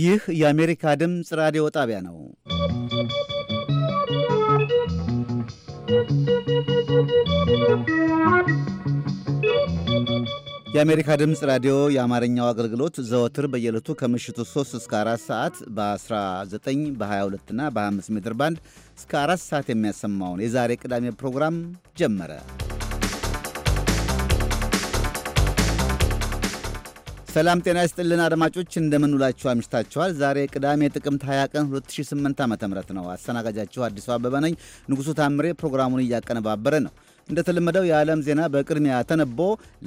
ይህ የአሜሪካ ድምፅ ራዲዮ ጣቢያ ነው። የአሜሪካ ድምፅ ራዲዮ የአማርኛው አገልግሎት ዘወትር በየዕለቱ ከምሽቱ 3 እስከ 4 ሰዓት በ19 በ22 እና በ25 ሜትር ባንድ እስከ 4 ሰዓት የሚያሰማውን የዛሬ ቅዳሜ ፕሮግራም ጀመረ። ሰላም ጤና ይስጥልን አድማጮች፣ እንደምንውላችሁ አምሽታችኋል። ዛሬ ቅዳሜ ጥቅምት 20 ቀን 2008 ዓ ም ነው። አስተናጋጃችሁ አዲሱ አበበ ነኝ። ንጉሡ ታምሬ ፕሮግራሙን እያቀነባበረ ነው። እንደተለመደው የዓለም ዜና በቅድሚያ ተነቦ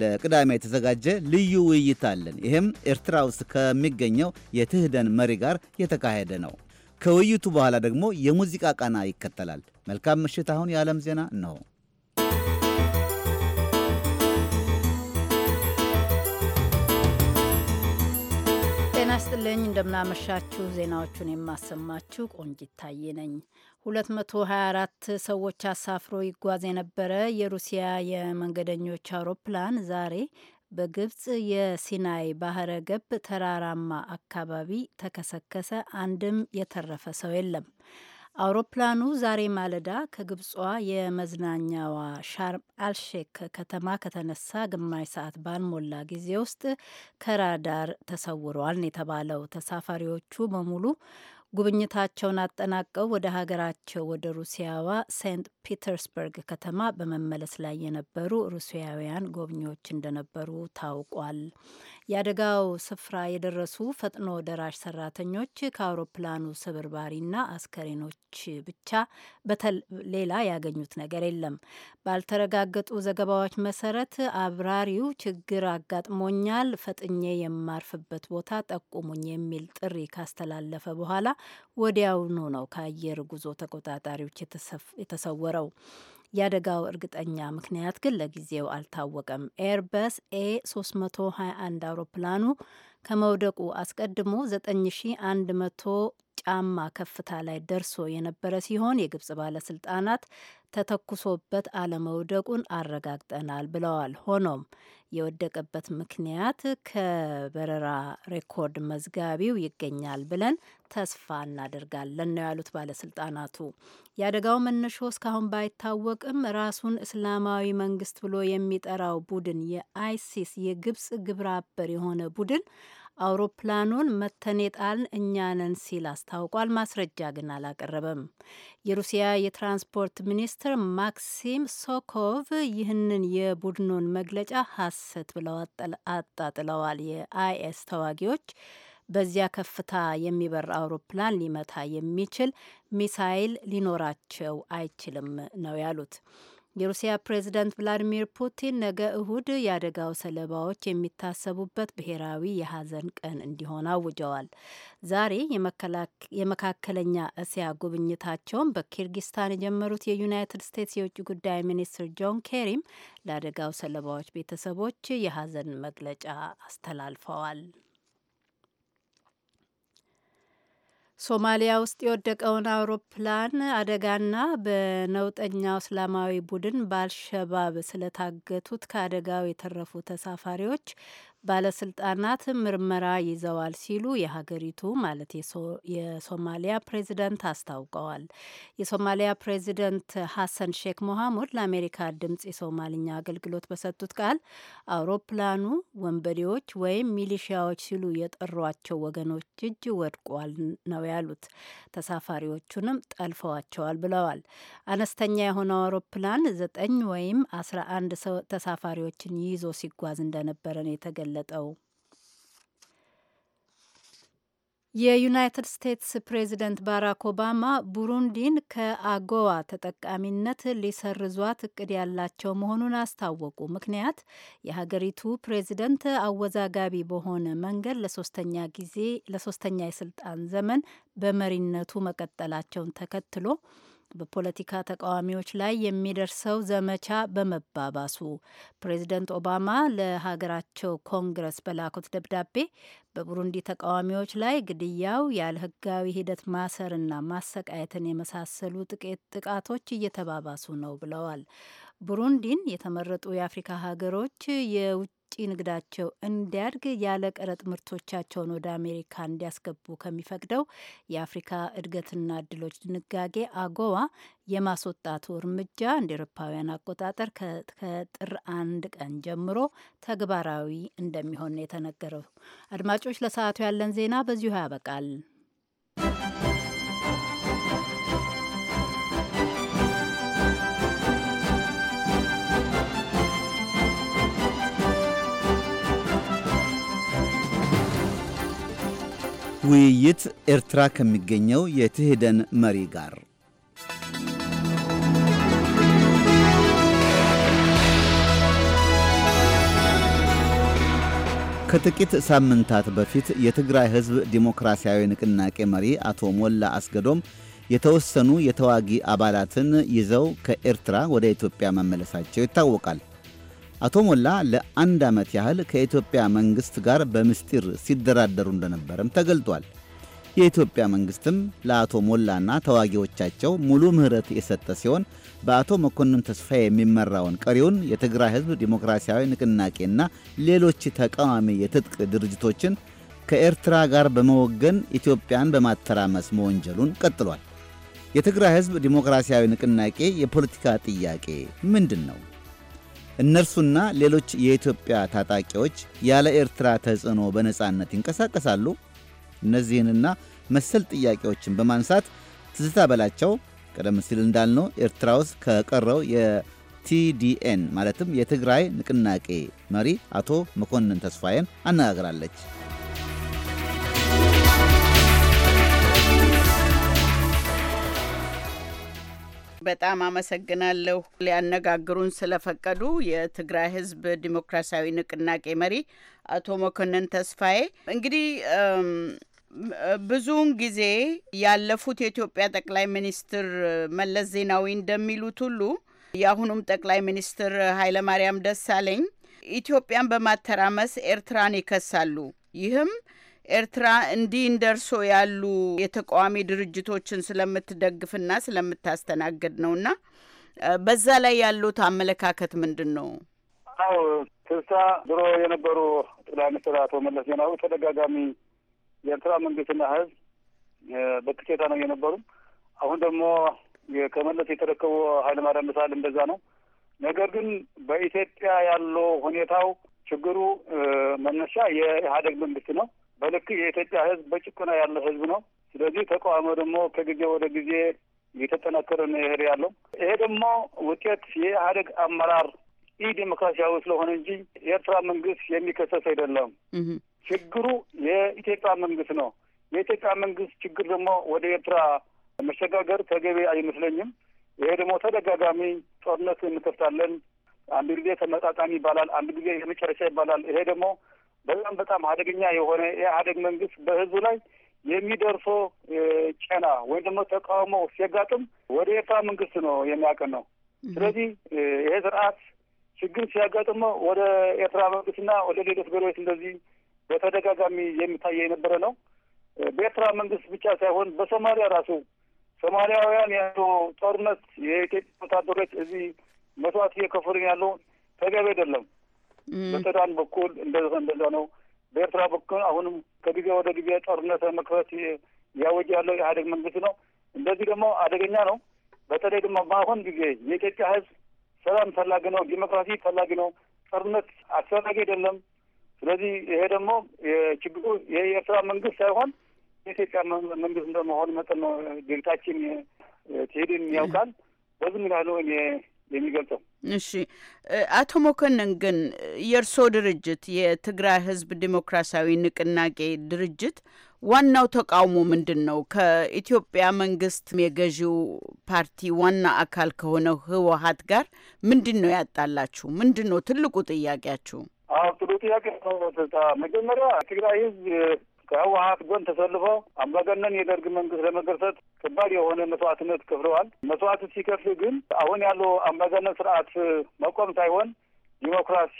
ለቅዳሜ የተዘጋጀ ልዩ ውይይት አለን። ይህም ኤርትራ ውስጥ ከሚገኘው የትህደን መሪ ጋር የተካሄደ ነው። ከውይይቱ በኋላ ደግሞ የሙዚቃ ቃና ይከተላል። መልካም ምሽት። አሁን የዓለም ዜና ነው። ጤና ይስጥልኝ እንደምናመሻችሁ። ዜናዎቹን የማሰማችሁ ቆንጂት ታዬ ነኝ። 224 ሰዎች አሳፍሮ ይጓዝ የነበረ የሩሲያ የመንገደኞች አውሮፕላን ዛሬ በግብጽ የሲናይ ባህረ ገብ ተራራማ አካባቢ ተከሰከሰ። አንድም የተረፈ ሰው የለም። አውሮፕላኑ ዛሬ ማለዳ ከግብጿ የመዝናኛዋ ሻርም አልሼክ ከተማ ከተነሳ ግማሽ ሰዓት ባልሞላ ጊዜ ውስጥ ከራዳር ተሰውሯል የተባለው ተሳፋሪዎቹ በሙሉ ጉብኝታቸውን አጠናቀው ወደ ሀገራቸው ወደ ሩሲያዋ ሴንት ፒተርስበርግ ከተማ በመመለስ ላይ የነበሩ ሩሲያውያን ጎብኚዎች እንደነበሩ ታውቋል። የአደጋው ስፍራ የደረሱ ፈጥኖ ደራሽ ሰራተኞች ከአውሮፕላኑ ስብርባሪና አስከሬኖች ብቻ ሌላ ያገኙት ነገር የለም። ባልተረጋገጡ ዘገባዎች መሰረት አብራሪው ችግር አጋጥሞኛል፣ ፈጥኜ የማርፍበት ቦታ ጠቁሙኝ የሚል ጥሪ ካስተላለፈ በኋላ ወዲያውኑ ነው ከአየር ጉዞ ተቆጣጣሪዎች የተሰወረው። የአደጋው እርግጠኛ ምክንያት ግን ለጊዜው አልታወቀም። ኤርበስ ኤ 321 አውሮፕላኑ ከመውደቁ አስቀድሞ 9100 ጫማ ከፍታ ላይ ደርሶ የነበረ ሲሆን የግብጽ ባለስልጣናት ተተኩሶበት አለመውደቁን አረጋግጠናል ብለዋል። ሆኖም የወደቀበት ምክንያት ከበረራ ሬኮርድ መዝጋቢው ይገኛል ብለን ተስፋ እናደርጋለን ነው ያሉት ባለስልጣናቱ። የአደጋው መነሾ እስካሁን ባይታወቅም ራሱን እስላማዊ መንግስት ብሎ የሚጠራው ቡድን የአይሲስ የግብጽ ግብረ አበር የሆነ ቡድን አውሮፕላኑን መተን የጣልን ሲል አስታውቋል። ማስረጃ ግን አላቀረበም። የሩሲያ የትራንስፖርት ሚኒስትር ማክሲም ሶኮቭ ይህንን የቡድኑን መግለጫ ሐሰት ብለው አጣጥለዋል። የአይኤስ ተዋጊዎች በዚያ ከፍታ የሚበር አውሮፕላን ሊመታ የሚችል ሚሳይል ሊኖራቸው አይችልም ነው ያሉት። የሩሲያ ፕሬዝዳንት ቭላዲሚር ፑቲን ነገ እሁድ የአደጋው ሰለባዎች የሚታሰቡበት ብሔራዊ የሀዘን ቀን እንዲሆን አውጀዋል። ዛሬ የመካከለኛ እስያ ጉብኝታቸውን በኪርጊስታን የጀመሩት የዩናይትድ ስቴትስ የውጭ ጉዳይ ሚኒስትር ጆን ኬሪም ለአደጋው ሰለባዎች ቤተሰቦች የሀዘን መግለጫ አስተላልፈዋል። ሶማሊያ ውስጥ የወደቀውን አውሮፕላን አደጋና በነውጠኛው እስላማዊ ቡድን በአልሸባብ ስለታገቱት ከአደጋው የተረፉ ተሳፋሪዎች ባለስልጣናት ምርመራ ይዘዋል ሲሉ የሀገሪቱ ማለት የሶማሊያ ፕሬዚደንት አስታውቀዋል። የሶማሊያ ፕሬዚደንት ሀሰን ሼክ ሞሐሙድ ለአሜሪካ ድምጽ የሶማልኛ አገልግሎት በሰጡት ቃል አውሮፕላኑ ወንበዴዎች ወይም ሚሊሺያዎች ሲሉ የጠሯቸው ወገኖች እጅ ወድቋል ነው ያሉት። ተሳፋሪዎቹንም ጠልፈዋቸዋል ብለዋል። አነስተኛ የሆነው አውሮፕላን ዘጠኝ ወይም አስራ አንድ ተሳፋሪዎችን ይዞ ሲጓዝ እንደነበረ ነው የተገለ ገለጠው። የዩናይትድ ስቴትስ ፕሬዚደንት ባራክ ኦባማ ቡሩንዲን ከአጎዋ ተጠቃሚነት ሊሰርዟት እቅድ ያላቸው መሆኑን አስታወቁ። ምክንያት የሀገሪቱ ፕሬዚደንት አወዛጋቢ በሆነ መንገድ ለሶስተኛ ጊዜ ለሶስተኛ የስልጣን ዘመን በመሪነቱ መቀጠላቸውን ተከትሎ በፖለቲካ ተቃዋሚዎች ላይ የሚደርሰው ዘመቻ በመባባሱ ፕሬዚደንት ኦባማ ለሀገራቸው ኮንግረስ በላኩት ደብዳቤ በቡሩንዲ ተቃዋሚዎች ላይ ግድያው፣ ያለ ሕጋዊ ሂደት ማሰርና ማሰቃየትን የመሳሰሉ ጥቂት ጥቃቶች እየተባባሱ ነው ብለዋል። ቡሩንዲን የተመረጡ የአፍሪካ ሀገሮች የውጭ የውጭ ንግዳቸው እንዲያድግ ያለ ቀረጥ ምርቶቻቸውን ወደ አሜሪካ እንዲያስገቡ ከሚፈቅደው የአፍሪካ እድገትና እድሎች ድንጋጌ አጎዋ የማስወጣቱ እርምጃ እንደ ኤሮፓውያን አቆጣጠር ከጥር አንድ ቀን ጀምሮ ተግባራዊ እንደሚሆን የተነገረው። አድማጮች፣ ለሰዓቱ ያለን ዜና በዚሁ ያበቃል። ውይይት ኤርትራ ከሚገኘው የትህደን መሪ ጋር ከጥቂት ሳምንታት በፊት የትግራይ ሕዝብ ዲሞክራሲያዊ ንቅናቄ መሪ አቶ ሞላ አስገዶም የተወሰኑ የተዋጊ አባላትን ይዘው ከኤርትራ ወደ ኢትዮጵያ መመለሳቸው ይታወቃል። አቶ ሞላ ለአንድ ዓመት ያህል ከኢትዮጵያ መንግሥት ጋር በምስጢር ሲደራደሩ እንደነበረም ተገልጧል። የኢትዮጵያ መንግሥትም ለአቶ ሞላና ተዋጊዎቻቸው ሙሉ ምህረት የሰጠ ሲሆን በአቶ መኮንን ተስፋ የሚመራውን ቀሪውን የትግራይ ሕዝብ ዲሞክራሲያዊ ንቅናቄና ሌሎች ተቃዋሚ የትጥቅ ድርጅቶችን ከኤርትራ ጋር በመወገን ኢትዮጵያን በማተራመስ መወንጀሉን ቀጥሏል። የትግራይ ሕዝብ ዲሞክራሲያዊ ንቅናቄ የፖለቲካ ጥያቄ ምንድን ነው? እነርሱና ሌሎች የኢትዮጵያ ታጣቂዎች ያለ ኤርትራ ተጽዕኖ በነጻነት ይንቀሳቀሳሉ? እነዚህንና መሰል ጥያቄዎችን በማንሳት ትዝታ በላቸው ቀደም ሲል እንዳልነው ኤርትራ ውስጥ ከቀረው የቲዲኤን ማለትም የትግራይ ንቅናቄ መሪ አቶ መኮንን ተስፋዬን አነጋግራለች። በጣም አመሰግናለሁ ሊያነጋግሩን ስለፈቀዱ። የትግራይ ህዝብ ዲሞክራሲያዊ ንቅናቄ መሪ አቶ መኮንን ተስፋዬ እንግዲህ ብዙውን ጊዜ ያለፉት የኢትዮጵያ ጠቅላይ ሚኒስትር መለስ ዜናዊ እንደሚሉት ሁሉ የአሁኑም ጠቅላይ ሚኒስትር ኃይለማርያም ደሳለኝ ኢትዮጵያን በማተራመስ ኤርትራን ይከሳሉ። ይህም ኤርትራ እንዲህ እንደርሶ ያሉ የተቃዋሚ ድርጅቶችን ስለምትደግፍና ስለምታስተናግድ ነው እና በዛ ላይ ያሉት አመለካከት ምንድን ነው? አዎ ትንሳ ድሮ የነበሩ ጠቅላይ ሚኒስትር አቶ መለስ ዜናዊ ተደጋጋሚ የኤርትራ መንግስትና ህዝብ በቅሬታ ነው የነበሩ። አሁን ደግሞ ከመለስ የተረከቡ ኃይለማርያም ደሳለኝ እንደዛ ነው። ነገር ግን በኢትዮጵያ ያለው ሁኔታው ችግሩ መነሻ የኢህአደግ መንግስት ነው። በልክ የኢትዮጵያ ህዝብ በጭቆና ያለ ህዝብ ነው። ስለዚህ ተቃውሞ ደግሞ ከጊዜ ወደ ጊዜ እየተጠናከረ ነው ይሄድ ያለው። ይሄ ደግሞ ውጤት የኢህአደግ አመራር ኢ ስለሆነ እንጂ የኤርትራ መንግስት የሚከሰስ አይደለም። ችግሩ የኢትዮጵያ መንግስት ነው። የኢትዮጵያ መንግስት ችግር ደግሞ ወደ ኤርትራ መሸጋገር ተገቢ አይመስለኝም። ይሄ ደግሞ ተደጋጋሚ ጦርነት እንከፍታለን። አንድ ጊዜ ተመጣጣሚ ይባላል፣ አንድ ጊዜ የመጨረሻ ይባላል። ይሄ ደግሞ በጣም በጣም አደገኛ የሆነ የኢህአዴግ መንግስት በህዝቡ ላይ የሚደርሰው ጨና ወይም ደግሞ ተቃውሞ ሲያጋጥም ወደ ኤርትራ መንግስት ነው ነው። ስለዚህ ይሄ ስርዓት ችግር ሲያጋጥመው ወደ ኤርትራ መንግስትና ወደ ሌሎች ገሮች እንደዚህ በተደጋጋሚ የሚታየ የነበረ ነው። በኤርትራ መንግስት ብቻ ሳይሆን በሶማሊያ ራሱ ሶማሊያውያን ያለው ጦርነት የኢትዮጵያ ወታደሮች እዚህ መስዋዕት እየከፈሉን ያለው ተገቢ አይደለም። በሱዳን በኩል እንደዛ እንደዛ ነው። በኤርትራ በኩል አሁንም ከጊዜ ወደ ጊዜ ጦርነት መክፈት ያወጅ ያለው ኢህአዴግ መንግስት ነው። እንደዚህ ደግሞ አደገኛ ነው። በተለይ ደግሞ በአሁን ጊዜ የኢትዮጵያ ህዝብ ሰላም ፈላጊ ነው፣ ዲሞክራሲ ፈላጊ ነው። ጦርነት አስፈላጊ አይደለም። ስለዚህ ይሄ ደግሞ የችግሩ የኤርትራ መንግስት ሳይሆን የኢትዮጵያ መንግስት እንደመሆኑ መጠን ነው ድርጊታችን ትሄድን ያውቃል። በዚህ ምክንያት ነው እኔ የሚገልጸው። እሺ አቶ መኮንን ግን የእርስዎ ድርጅት የትግራይ ህዝብ ዲሞክራሲያዊ ንቅናቄ ድርጅት ዋናው ተቃውሞ ምንድን ነው? ከኢትዮጵያ መንግስት የገዢው ፓርቲ ዋና አካል ከሆነው ህወሀት ጋር ምንድን ነው ያጣላችሁ? ምንድን ነው ትልቁ ጥያቄያችሁ? አዎ ጥሩ ጥያቄ ነው። መጀመሪያ ትግራይ ህዝብ ከህወሀት ጎን ተሰልፈው አምባገነን የደርግ መንግስት ለመገርሰት ከባድ የሆነ መስዋዕትነት ከፍለዋል። መስዋዕት ሲከፍል ግን አሁን ያለው አምባገነን ስርዓት መቆም ሳይሆን ዲሞክራሲ፣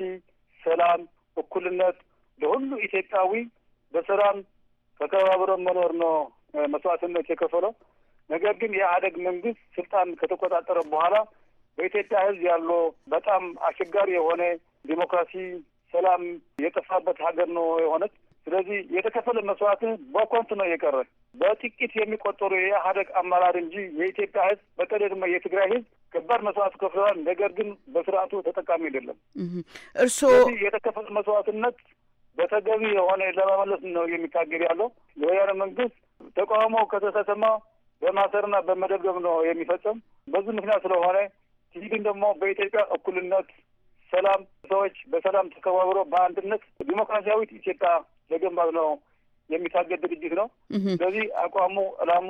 ሰላም፣ እኩልነት ለሁሉ ኢትዮጵያዊ በሰላም ተከባብሮ መኖር ነው መስዋዕትነት የከፈለው። ነገር ግን የአደግ መንግስት ስልጣን ከተቆጣጠረ በኋላ በኢትዮጵያ ህዝብ ያለው በጣም አስቸጋሪ የሆነ ዲሞክራሲ፣ ሰላም የጠፋበት ሀገር ነው የሆነች ስለዚህ የተከፈለ መስዋዕትህ በኮንቱ ነው የቀረ። በጥቂት የሚቆጠሩ የኢህአዴግ አመራር እንጂ የኢትዮጵያ ህዝብ በተለይ ደግሞ የትግራይ ህዝብ ከባድ መስዋዕት ከፍለዋል። ነገር ግን በስርዓቱ ተጠቃሚ አይደለም። እርስዎ የተከፈለ መስዋዕትነት በተገቢ የሆነ ለመመለስ ነው የሚታገል ያለው የወያነ መንግስት ተቃውሞ ከተሰማ በማሰርና በመደብደብ ነው የሚፈጸም። በዚህ ምክንያት ስለሆነ ትሂድን ደግሞ በኢትዮጵያ እኩልነት፣ ሰላም ሰዎች በሰላም ተከባብሮ በአንድነት ዲሞክራሲያዊት ኢትዮጵያ ለገንባት ነው የሚታገድ ድርጅት ነው። ስለዚህ አቋሙ ዕላሙ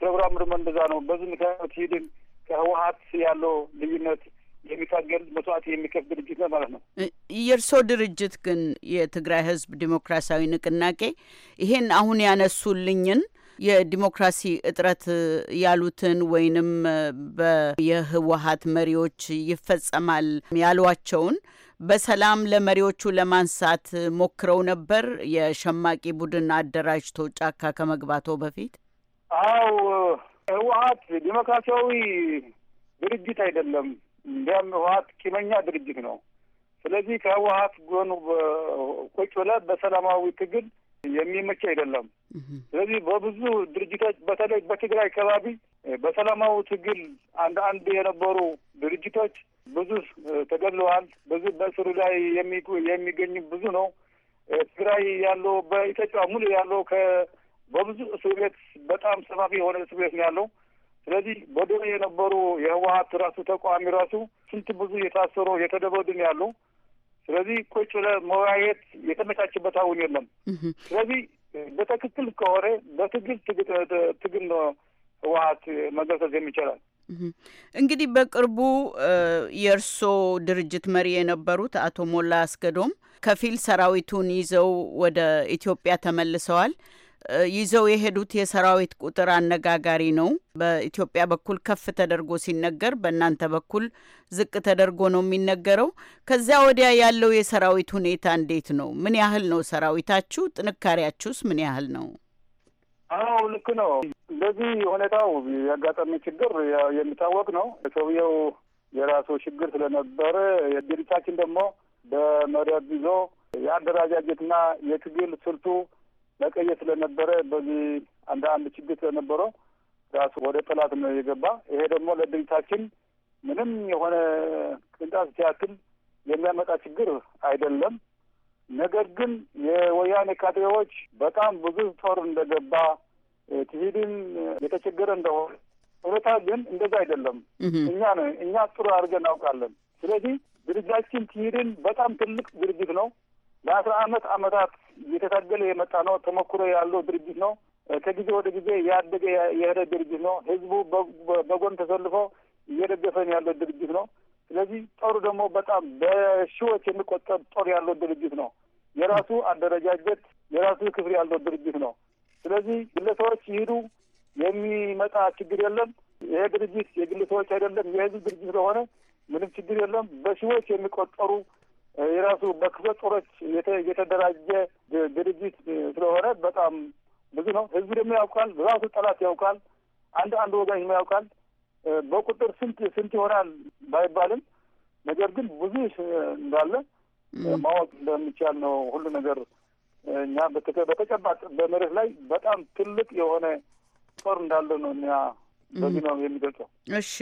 ፕሮግራም ደግሞ እንደዛ ነው። በዚህ ምክንያት ሂድን ከህወሀት ያለው ልዩነት የሚታገል መስዋዕት የሚከፍ ድርጅት ነው ማለት ነው። የእርሶ ድርጅት ግን የትግራይ ህዝብ ዲሞክራሲያዊ ንቅናቄ ይሄን አሁን ያነሱልኝን የዲሞክራሲ እጥረት ያሉትን ወይንም በየህወሀት መሪዎች ይፈጸማል ያሏቸውን በሰላም ለመሪዎቹ ለማንሳት ሞክረው ነበር። የሸማቂ ቡድን አደራጅቶ ጫካ ከመግባቶ በፊት አው ህወሀት ዲሞክራሲያዊ ድርጅት አይደለም። እንዲያም ህወሀት ቂመኛ ድርጅት ነው። ስለዚህ ከህወሀት ጎኑ ቁጭ ብለህ በሰላማዊ ትግል የሚመች አይደለም። ስለዚህ በብዙ ድርጅቶች በተለይ በትግራይ አካባቢ በሰላማዊ ትግል አንድ አንድ የነበሩ ድርጅቶች ብዙ ተገድለዋል። ብዙ በእስሩ ላይ የሚገኙ ብዙ ነው። ትግራይ ያለው በኢትዮጵያ ሙሉ ያለው በብዙ እስር ቤት በጣም ሰፋፊ የሆነ እስር ቤት ነው ያለው። ስለዚህ በዶሮ የነበሩ የህወሀት ራሱ ተቃዋሚ ራሱ ስንት ብዙ የታሰሩ የተደበዱ ያሉ። ስለዚህ ቁጭ ለመወያየት የተመቻችበት አሁን የለም። ስለዚህ በትክክል ከሆነ በትግል ትግል ነው ህወሀት መገርሰስም ይችላል። እንግዲህ በቅርቡ የእርሶ ድርጅት መሪ የነበሩት አቶ ሞላ አስገዶም ከፊል ሰራዊቱን ይዘው ወደ ኢትዮጵያ ተመልሰዋል። ይዘው የሄዱት የሰራዊት ቁጥር አነጋጋሪ ነው። በኢትዮጵያ በኩል ከፍ ተደርጎ ሲነገር፣ በእናንተ በኩል ዝቅ ተደርጎ ነው የሚነገረው። ከዚያ ወዲያ ያለው የሰራዊት ሁኔታ እንዴት ነው? ምን ያህል ነው ሰራዊታችሁ? ጥንካሬያችሁስ ምን ያህል ነው? አዎ ልክ ነው። በዚህ ሁኔታው ያጋጠሚ ችግር የሚታወቅ ነው። ሰውየው የራሱ ችግር ስለነበረ ድርጅታችን ደግሞ በመሪያት ይዞ የአደራጃጀትና የትግል ስልቱ መቀየር ስለነበረ በዚህ አንድ አንድ ችግር ስለነበረው ራሱ ወደ ጠላት ነው የገባ። ይሄ ደግሞ ለድርጅታችን ምንም የሆነ ቅንጣት ሲያክል የሚያመጣ ችግር አይደለም። ነገር ግን የወያኔ ካድሬዎች በጣም ብዙ ጦር እንደገባ ትሂድም የተቸገረ እንደሆነ እውነታ ግን እንደዛ አይደለም። እኛ ነው እኛ ጥሩ አድርገን እናውቃለን። ስለዚህ ድርጅታችን ትሂድን በጣም ትልቅ ድርጅት ነው። ለአስራ አመት አመታት እየተታገለ የመጣ ነው። ተሞክሮ ያለው ድርጅት ነው። ከጊዜ ወደ ጊዜ ያደገ የሄደ ድርጅት ነው። ህዝቡ በጎን ተሰልፎ እየደገፈን ያለው ድርጅት ነው። ስለዚህ ጦሩ ደግሞ በጣም በሺዎች የሚቆጠር ጦር ያለው ድርጅት ነው። የራሱ አደረጃጀት፣ የራሱ ክፍል ያለው ድርጅት ነው። ስለዚህ ግለሰቦች ይሄዱ የሚመጣ ችግር የለም። ይሄ ድርጅት የግል ሰዎች አይደለም፣ የህዝብ ድርጅት ስለሆነ ምንም ችግር የለም። በሺዎች የሚቆጠሩ የራሱ በክፍለ ጦሮች የተደራጀ ድርጅት ስለሆነ በጣም ብዙ ነው። ህዝብ ደግሞ ያውቃል፣ ራሱ ጠላት ያውቃል፣ አንድ አንድ ወጋኝ ያውቃል። በቁጥር ስንት ስንት ይሆናል ባይባልም ነገር ግን ብዙ እንዳለ ማወቅ እንደሚቻል ነው ሁሉ ነገር እኛ በተጨባጭ በመሬት ላይ በጣም ትልቅ የሆነ ጦር እንዳለው ነው እኛ በዚህ ነው የሚገልጸው። እሺ፣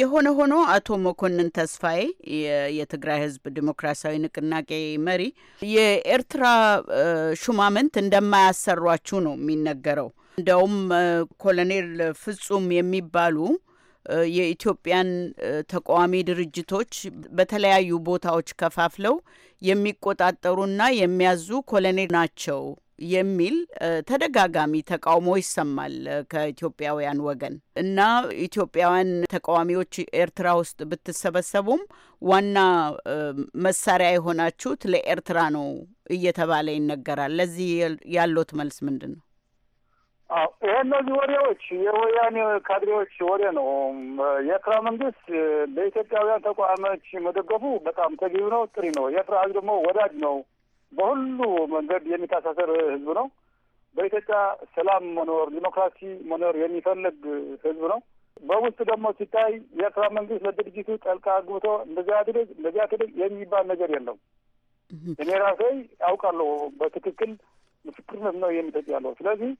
የሆነ ሆኖ አቶ መኮንን ተስፋዬ የትግራይ ሕዝብ ዲሞክራሲያዊ ንቅናቄ መሪ የኤርትራ ሹማምንት እንደማያሰሯችሁ ነው የሚነገረው። እንደውም ኮሎኔል ፍጹም የሚባሉ የኢትዮጵያን ተቃዋሚ ድርጅቶች በተለያዩ ቦታዎች ከፋፍለው የሚቆጣጠሩና የሚያዙ ኮሎኔል ናቸው የሚል ተደጋጋሚ ተቃውሞ ይሰማል ከኢትዮጵያውያን ወገን እና ኢትዮጵያውያን ተቃዋሚዎች ኤርትራ ውስጥ ብትሰበሰቡም ዋና መሳሪያ የሆናችሁት ለኤርትራ ነው እየተባለ ይነገራል። ለዚህ ያሎት መልስ ምንድን ነው? እነዚህ ወሬዎች የወያኔ ካድሬዎች ወሬ ነው። የኤርትራ መንግስት በኢትዮጵያውያን ተቋሞች መደገፉ በጣም ተገቢ ነው፣ ጥሪ ነው። የኤርትራ ህዝብ ደግሞ ወዳጅ ነው። በሁሉ መንገድ የሚታሳሰር ህዝብ ነው። በኢትዮጵያ ሰላም መኖር፣ ዲሞክራሲ መኖር የሚፈልግ ህዝብ ነው። በውስጥ ደግሞ ሲታይ የኤርትራ መንግስት ለድርጅቱ ጠልቃ ግብቶ እንደዚያ አድርግ እንደዚያ ትድግ የሚባል ነገር የለም። እኔ ራሴ አውቃለሁ። በትክክል ምስክርነት ነው የሚሰጥ ያለው ስለዚህ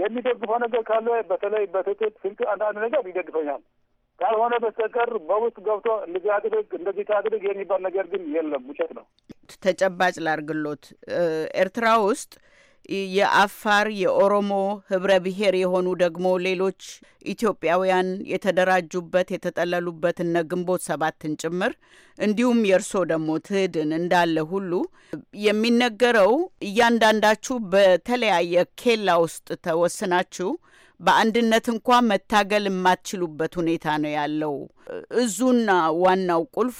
የሚደግፈው ነገር ካለ በተለይ በትጥቅ ስልክ አንዳንድ ነገር ይደግፈኛል። ካልሆነ በስተቀር በውስጥ ገብቶ ልጋግድግ እንደዚህ ታግድግ የሚባል ነገር ግን የለም፣ ውሸት ነው። ተጨባጭ ላርግሎት ኤርትራ ውስጥ የአፋር የኦሮሞ ህብረ ብሔር የሆኑ ደግሞ ሌሎች ኢትዮጵያውያን የተደራጁበት የተጠለሉበት እነ ግንቦት ሰባትን ጭምር እንዲሁም የእርሶ ደግሞ ትህድን እንዳለ ሁሉ የሚነገረው እያንዳንዳችሁ በተለያየ ኬላ ውስጥ ተወስናችሁ በአንድነት እንኳ መታገል የማትችሉበት ሁኔታ ነው ያለው። እዙና ዋናው ቁልፉ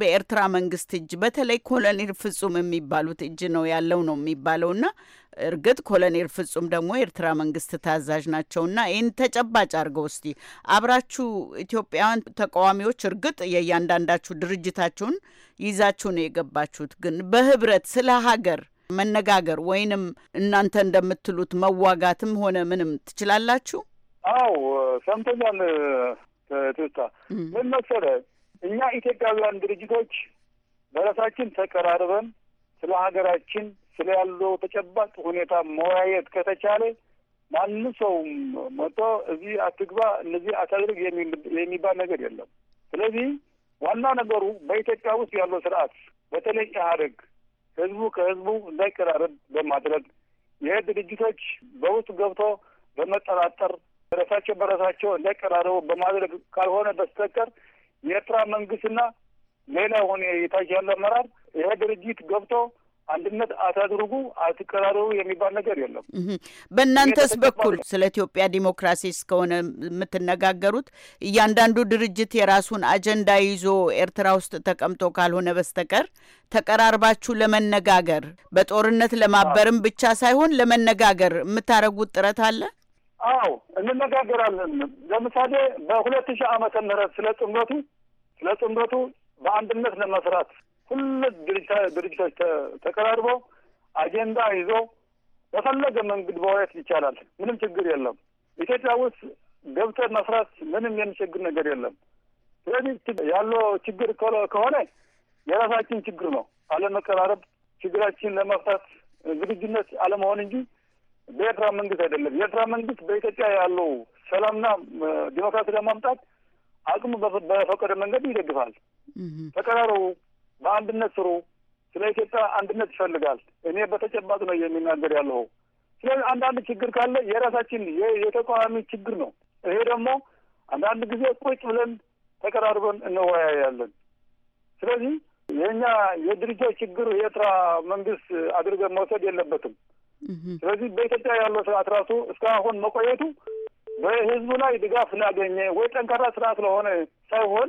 በኤርትራ መንግስት እጅ፣ በተለይ ኮሎኔል ፍጹም የሚባሉት እጅ ነው ያለው ነው የሚባለውና እርግጥ ኮሎኔል ፍጹም ደግሞ የኤርትራ መንግስት ታዛዥ ናቸውና ይህን ተጨባጭ አድርገው እስቲ አብራችሁ ኢትዮጵያውያን ተቃዋሚዎች እርግጥ የእያንዳንዳችሁ ድርጅታችሁን ይዛችሁ ነው የገባችሁት፣ ግን በህብረት ስለ ሀገር መነጋገር ወይንም እናንተ እንደምትሉት መዋጋትም ሆነ ምንም ትችላላችሁ። አው ሰምተኛል። ትዝታ ምን መሰለ እኛ ኢትዮጵያውያን ድርጅቶች በራሳችን ተቀራርበን ስለ ሀገራችን ስለ ያለው ተጨባጭ ሁኔታ መወያየት ከተቻለ ማን ሰው መጥቶ እዚህ አትግባ፣ እነዚህ አታድርግ የሚባል ነገር የለም። ስለዚህ ዋና ነገሩ በኢትዮጵያ ውስጥ ያለው ስርዓት በተለይ ኢህአደግ ህዝቡ ከህዝቡ እንዳይቀራረብ በማድረግ ይህ ድርጅቶች በውስጥ ገብቶ በመጠራጠር በራሳቸው በረሳቸው እንዳይቀራረቡ በማድረግ ካልሆነ በስተቀር የኤርትራ መንግስትና ሌላ የሆነ የታች ያለ አመራር ይህ ድርጅት ገብቶ አንድነት አታድርጉ፣ አትቀራረቡ የሚባል ነገር የለም። በእናንተስ በኩል ስለ ኢትዮጵያ ዲሞክራሲ እስከሆነ የምትነጋገሩት እያንዳንዱ ድርጅት የራሱን አጀንዳ ይዞ ኤርትራ ውስጥ ተቀምጦ ካልሆነ በስተቀር ተቀራርባችሁ ለመነጋገር በጦርነት ለማበርም ብቻ ሳይሆን ለመነጋገር የምታደርጉት ጥረት አለ? አዎ እንነጋገራለን። ለምሳሌ በሁለት ሺህ ዓመተ ምህረት ስለ ጥምረቱ ስለ ጥምረቱ በአንድነት ለመስራት ሁለት ድርጅቶች ተቀራርበው አጀንዳ ይዞ በፈለገ መንገድ መዋየት ይቻላል። ምንም ችግር የለም። ኢትዮጵያ ውስጥ ገብተን መስራት ምንም የሚቸግር ነገር የለም። ስለዚህ ያለው ችግር ከሆነ የራሳችን ችግር ነው። አለመቀራረብ፣ ችግራችን ለመፍታት ዝግጁነት አለመሆን እንጂ በኤርትራ መንግስት አይደለም። የኤርትራ መንግስት በኢትዮጵያ ያለው ሰላምና ዲሞክራሲ ለማምጣት አቅሙ በፈቀደ መንገድ ይደግፋል። ተቀራረቡ፣ በአንድነት ስሩ። ስለ ኢትዮጵያ አንድነት ይፈልጋል። እኔ በተጨባጭ ነው የሚናገር ያለው። ስለዚህ አንዳንድ ችግር ካለ የራሳችን የተቃዋሚ ችግር ነው። ይሄ ደግሞ አንዳንድ ጊዜ ቁጭ ብለን ተቀራርበን እንወያያለን። ስለዚህ የእኛ የድርጅቶች ችግር የኤርትራ መንግስት አድርገን መውሰድ የለበትም። ስለዚህ በኢትዮጵያ ያለው ስርዓት ራሱ እስካሁን መቆየቱ በህዝቡ ላይ ድጋፍ ስላገኘ ወይ ጠንካራ ስርዓት ስለሆነ ሳይሆን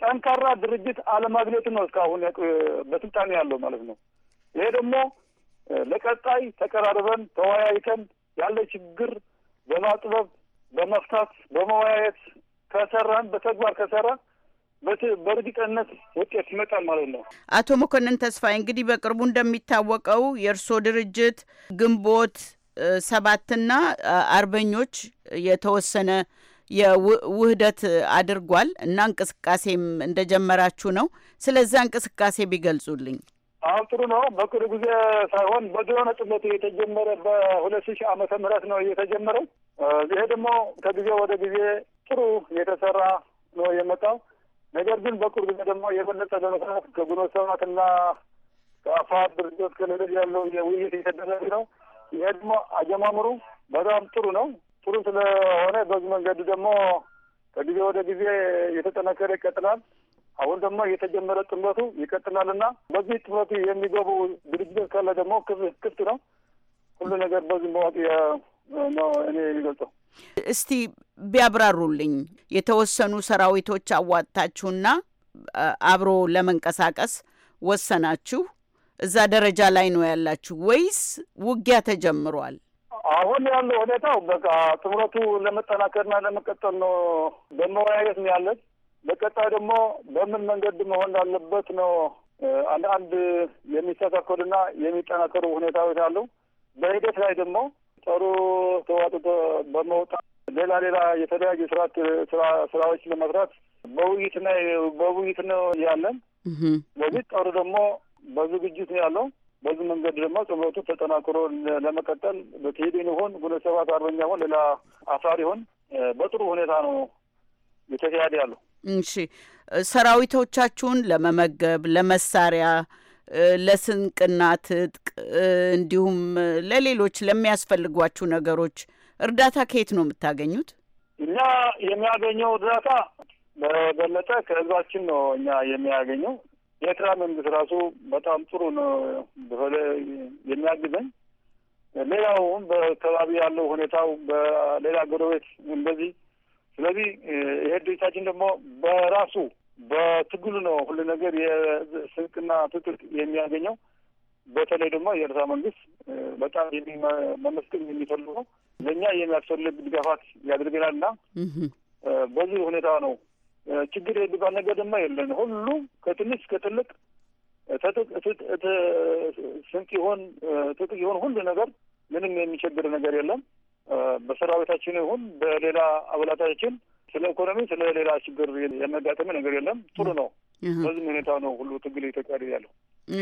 ጠንካራ ድርጅት አለማግኘቱ ነው እስካሁን በስልጣን ያለው ማለት ነው። ይሄ ደግሞ ለቀጣይ ተቀራርበን ተወያይተን ያለ ችግር በማጥበብ በመፍታት በመወያየት ከሰራን በተግባር ከሰራ በእርግጠነት ውጤት ይመጣል ማለት ነው። አቶ መኮንን ተስፋዬ እንግዲህ በቅርቡ እንደሚታወቀው የእርስዎ ድርጅት ግንቦት ሰባትና አርበኞች የተወሰነ የውህደት አድርጓል እና እንቅስቃሴም እንደጀመራችሁ ነው። ስለዛ እንቅስቃሴ ቢገልጹልኝ። አሁን ጥሩ ነው። በቅርብ ጊዜ ሳይሆን በድሮ ነጥነት የተጀመረ በሁለት ሺህ ዓመተ ምህረት ነው እየተጀመረው። ይሄ ደግሞ ከጊዜ ወደ ጊዜ ጥሩ የተሰራ ነው የመጣው። ነገር ግን በቅርብ ጊዜ ደግሞ የበለጠ ለመስራት ከግንቦት ሰባትና ከአፋር ድርጅት ከሌሎች ያለው የውይይት እየተደረገ ነው። ይሄ ደግሞ አጀማምሩ በጣም ጥሩ ነው። ጥሩ ስለሆነ በዚህ መንገዱ ደግሞ ከጊዜ ወደ ጊዜ እየተጠናከረ ይቀጥላል። አሁን ደግሞ እየተጀመረ ጥምረቱ ይቀጥላልና በዚህ ጥምረቱ የሚገቡ ድርጅቶች ካለ ደግሞ ክፍት ነው ሁሉ ነገር በዚህ መዋጥ ነው እኔ የሚገልጸው። እስቲ ቢያብራሩልኝ የተወሰኑ ሰራዊቶች አዋጥታችሁና አብሮ ለመንቀሳቀስ ወሰናችሁ። እዛ ደረጃ ላይ ነው ያላችሁ ወይስ ውጊያ ተጀምሯል? አሁን ያለው ሁኔታው በቃ ትኩረቱ ለመጠናከርና ለመቀጠል ነው በመወያየት ነው ያለን። በቀጣይ ደግሞ በምን መንገድ መሆን እንዳለበት ነው አንድ አንድ የሚስተካከሉና የሚጠናከሩ ሁኔታዎች አሉ። በሂደት ላይ ደግሞ ጦሩ ተዋጥቶ በመውጣት ሌላ ሌላ የተለያዩ ስራት ስራ ስራዎች ለመስራት በውይይት ነው በውይይት ነው ያለን። በዚህ ጦሩ ደግሞ በዝግጅት ነው ያለው። በዚህ መንገድ ደግሞ ጥምረቱ ተጠናክሮ ለመቀጠል በትሄድን ይሁን ጉለ ሰባት አርበኛ ሆን ሌላ አፋር ይሁን በጥሩ ሁኔታ ነው የተካሄደ ያለው። እሺ ሰራዊቶቻችሁን ለመመገብ ለመሳሪያ ለስንቅና ትጥቅ እንዲሁም ለሌሎች ለሚያስፈልጓችሁ ነገሮች እርዳታ ከየት ነው የምታገኙት? እኛ የሚያገኘው እርዳታ በበለጠ ከህዝባችን ነው እኛ የሚያገኘው። የኤርትራ መንግስት ራሱ በጣም ጥሩ ነው በተለይ የሚያግዘኝ ሌላውም በከባቢ ያለው ሁኔታው በሌላ ጎረቤት እንደዚህ። ስለዚህ ይሄ ድርጅታችን ደግሞ በራሱ በትግሉ ነው ሁሉ ነገር የስንቅና ትጥቅ የሚያገኘው። በተለይ ደግሞ የኤርትራ መንግስት በጣም መመስገን የሚፈልገው ለእኛ የሚያስፈልግ ድጋፋት ያደርገናል እና በዚህ ሁኔታ ነው ችግር የሚባል ነገር ድማ የለን። ሁሉም ከትንሽ ከትልቅ ስንቅ ይሆን ትጥቅ ይሆን ሁሉ ነገር ምንም የሚቸግር ነገር የለም። በሰራዊታችን ይሁን በሌላ አባላታችን ስለ ኢኮኖሚ ስለ ሌላ ችግር የሚያጋጥም ነገር የለም። ጥሩ ነው። በዚህ ሁኔታ ነው ሁሉ ትግል የተካሄደ ያለው።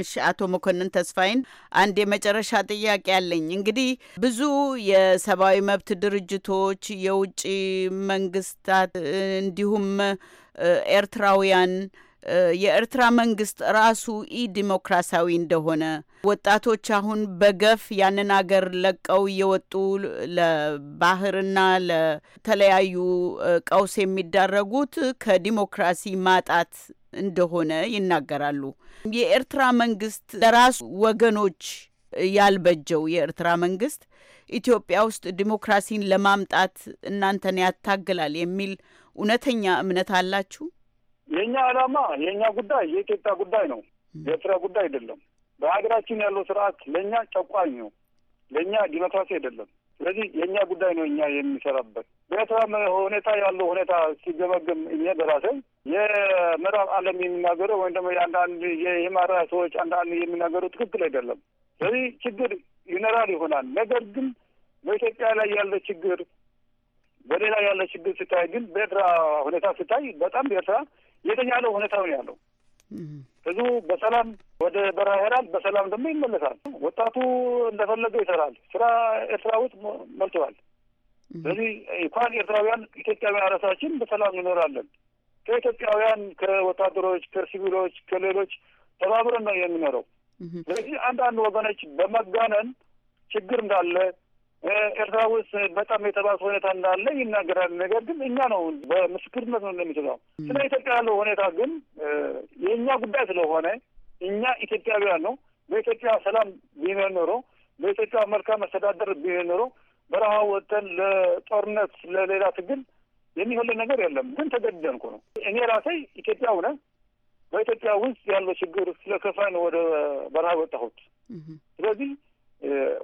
እሺ አቶ መኮንን ተስፋይን አንድ የመጨረሻ ጥያቄ አለኝ። እንግዲህ ብዙ የሰብአዊ መብት ድርጅቶች፣ የውጭ መንግስታት እንዲሁም ኤርትራውያን የኤርትራ መንግስት ራሱ ኢ ዲሞክራሲያዊ እንደሆነ ወጣቶች አሁን በገፍ ያንን አገር ለቀው እየወጡ ለባህርና ለተለያዩ ቀውስ የሚዳረጉት ከዲሞክራሲ ማጣት እንደሆነ ይናገራሉ። የኤርትራ መንግስት ለራሱ ወገኖች ያልበጀው የኤርትራ መንግስት ኢትዮጵያ ውስጥ ዲሞክራሲን ለማምጣት እናንተን ያታግላል የሚል እውነተኛ እምነት አላችሁ? የእኛ ዓላማ የእኛ ጉዳይ የኢትዮጵያ ጉዳይ ነው፣ የኤርትራ ጉዳይ አይደለም። በሀገራችን ያለው ስርዓት ለእኛ ጨቋኝ ነው፣ ለእኛ ዲሞክራሲ አይደለም። ስለዚህ የእኛ ጉዳይ ነው እኛ የሚሰራበት። በኤርትራ ሁኔታ ያለው ሁኔታ ሲገመገም እኔ በራሴ የምዕራብ ዓለም የሚናገረው ወይም ደግሞ የአንዳንድ የሂማራ ሰዎች አንዳንድ የሚናገረው ትክክል አይደለም። ስለዚህ ችግር ይኖራል ይሆናል። ነገር ግን በኢትዮጵያ ላይ ያለ ችግር በሌላ ያለ ችግር ስታይ ግን በኤርትራ ሁኔታ ስታይ በጣም በኤርትራ የተሻለ ሁኔታው ነው ያለው። ህዝቡ በሰላም ወደ በረሃ ይሄዳል፣ በሰላም ደግሞ ይመለሳል። ወጣቱ እንደፈለገ ይሰራል። ስራ ኤርትራ ውስጥ መልተዋል። ስለዚህ እንኳን ኤርትራውያን ኢትዮጵያውያን ራሳችን በሰላም ይኖራለን። ከኢትዮጵያውያን ከወታደሮች፣ ከሲቪሎች፣ ከሌሎች ተባብረን ነው የሚኖረው። ስለዚህ አንዳንድ ወገኖች በመጋነን ችግር እንዳለ ኤርትራ ውስጥ በጣም የተባሰ ሁኔታ እንዳለ ይናገራል። ነገር ግን እኛ ነው በምስክርነት ነው እንደሚችለው ስለ ኢትዮጵያ ያለው ሁኔታ ግን የእኛ ጉዳይ ስለሆነ እኛ ኢትዮጵያውያን ነው። በኢትዮጵያ ሰላም ቢኖር ኖሮ፣ በኢትዮጵያ መልካም መስተዳደር ቢኖር ኖሮ በረሃ ወጥተን ለጦርነት ለሌላ ትግል የሚፈልግ ነገር የለም። ግን ተገደን እኮ ነው። እኔ ራሴ ኢትዮጵያ ሁነ በኢትዮጵያ ውስጥ ያለው ችግር ስለከፋን ወደ በረሃ ወጣሁት። ስለዚህ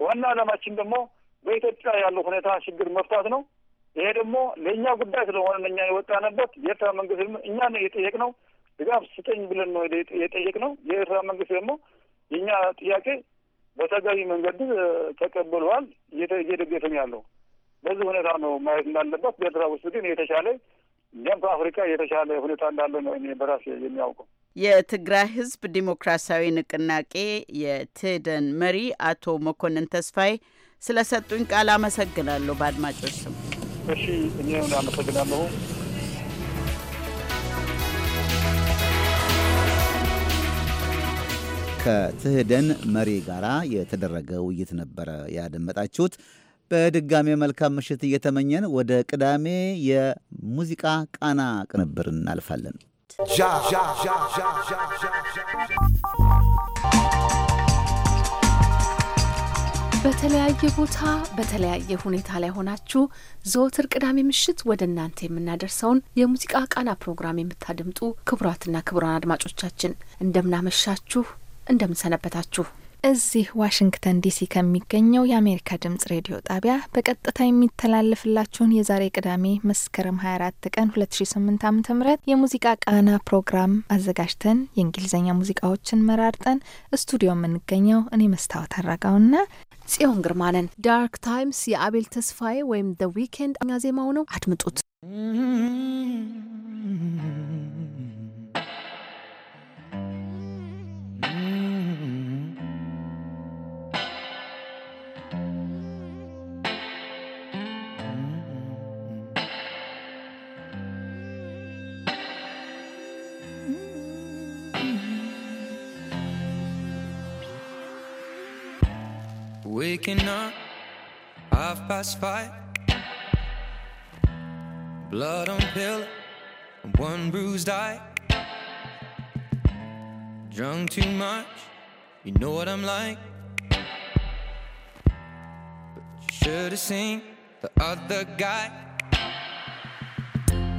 ዋና ዓላማችን ደግሞ በኢትዮጵያ ያለው ሁኔታ ችግር መፍታት ነው። ይሄ ደግሞ ለእኛ ጉዳይ ስለሆነ እኛ የወጣንበት የኤርትራ መንግስት እኛ ነው የጠየቅነው፣ ድጋፍ ስጠኝ ብለን ነው የጠየቅነው። የኤርትራ መንግስት ደግሞ የእኛ ጥያቄ በተገቢ መንገድ ተቀብሏል፣ እየደገፈን ያለው በዚህ ሁኔታ ነው ማየት እንዳለበት። በኤርትራ ውስጥ ግን የተሻለ እንዲያም በአፍሪካ የተሻለ ሁኔታ እንዳለ ነው እኔ በራሴ የሚያውቀው። የትግራይ ህዝብ ዲሞክራሲያዊ ንቅናቄ የትህደን መሪ አቶ መኮንን ተስፋዬ ስለሰጡኝ ቃል አመሰግናለሁ። በአድማጮች ስም እሺ፣ አመሰግናለሁ። ከትህደን መሪ ጋር የተደረገ ውይይት ነበረ ያደመጣችሁት። በድጋሜ መልካም ምሽት እየተመኘን ወደ ቅዳሜ የሙዚቃ ቃና ቅንብር እናልፋለን። በተለያየ ቦታ በተለያየ ሁኔታ ላይ ሆናችሁ ዘወትር ቅዳሜ ምሽት ወደ እናንተ የምናደርሰውን የሙዚቃ ቃና ፕሮግራም የምታደምጡ ክቡራትና ክቡራን አድማጮቻችን እንደምናመሻችሁ፣ እንደምንሰነበታችሁ እዚህ ዋሽንግተን ዲሲ ከሚገኘው የአሜሪካ ድምጽ ሬዲዮ ጣቢያ በቀጥታ የሚተላለፍላችሁን የዛሬ ቅዳሜ መስከረም 24 ቀን 2008 ዓ ም የሙዚቃ ቃና ፕሮግራም አዘጋጅተን የእንግሊዝኛ ሙዚቃዎችን መራርጠን ስቱዲዮ የምንገኘው እኔ መስታወት አራጋውና ጽዮን ግርማ ነን። ዳርክ ታይምስ የአቤል ተስፋዬ ወይም ደ ዊኬንድ ኛ ዜማው ነው። አድምጡት። mm-hmm. Waking up, half past five. Blood on pillow, one bruised eye. Drunk too much, you know what I'm like. But you should have seen the other guy.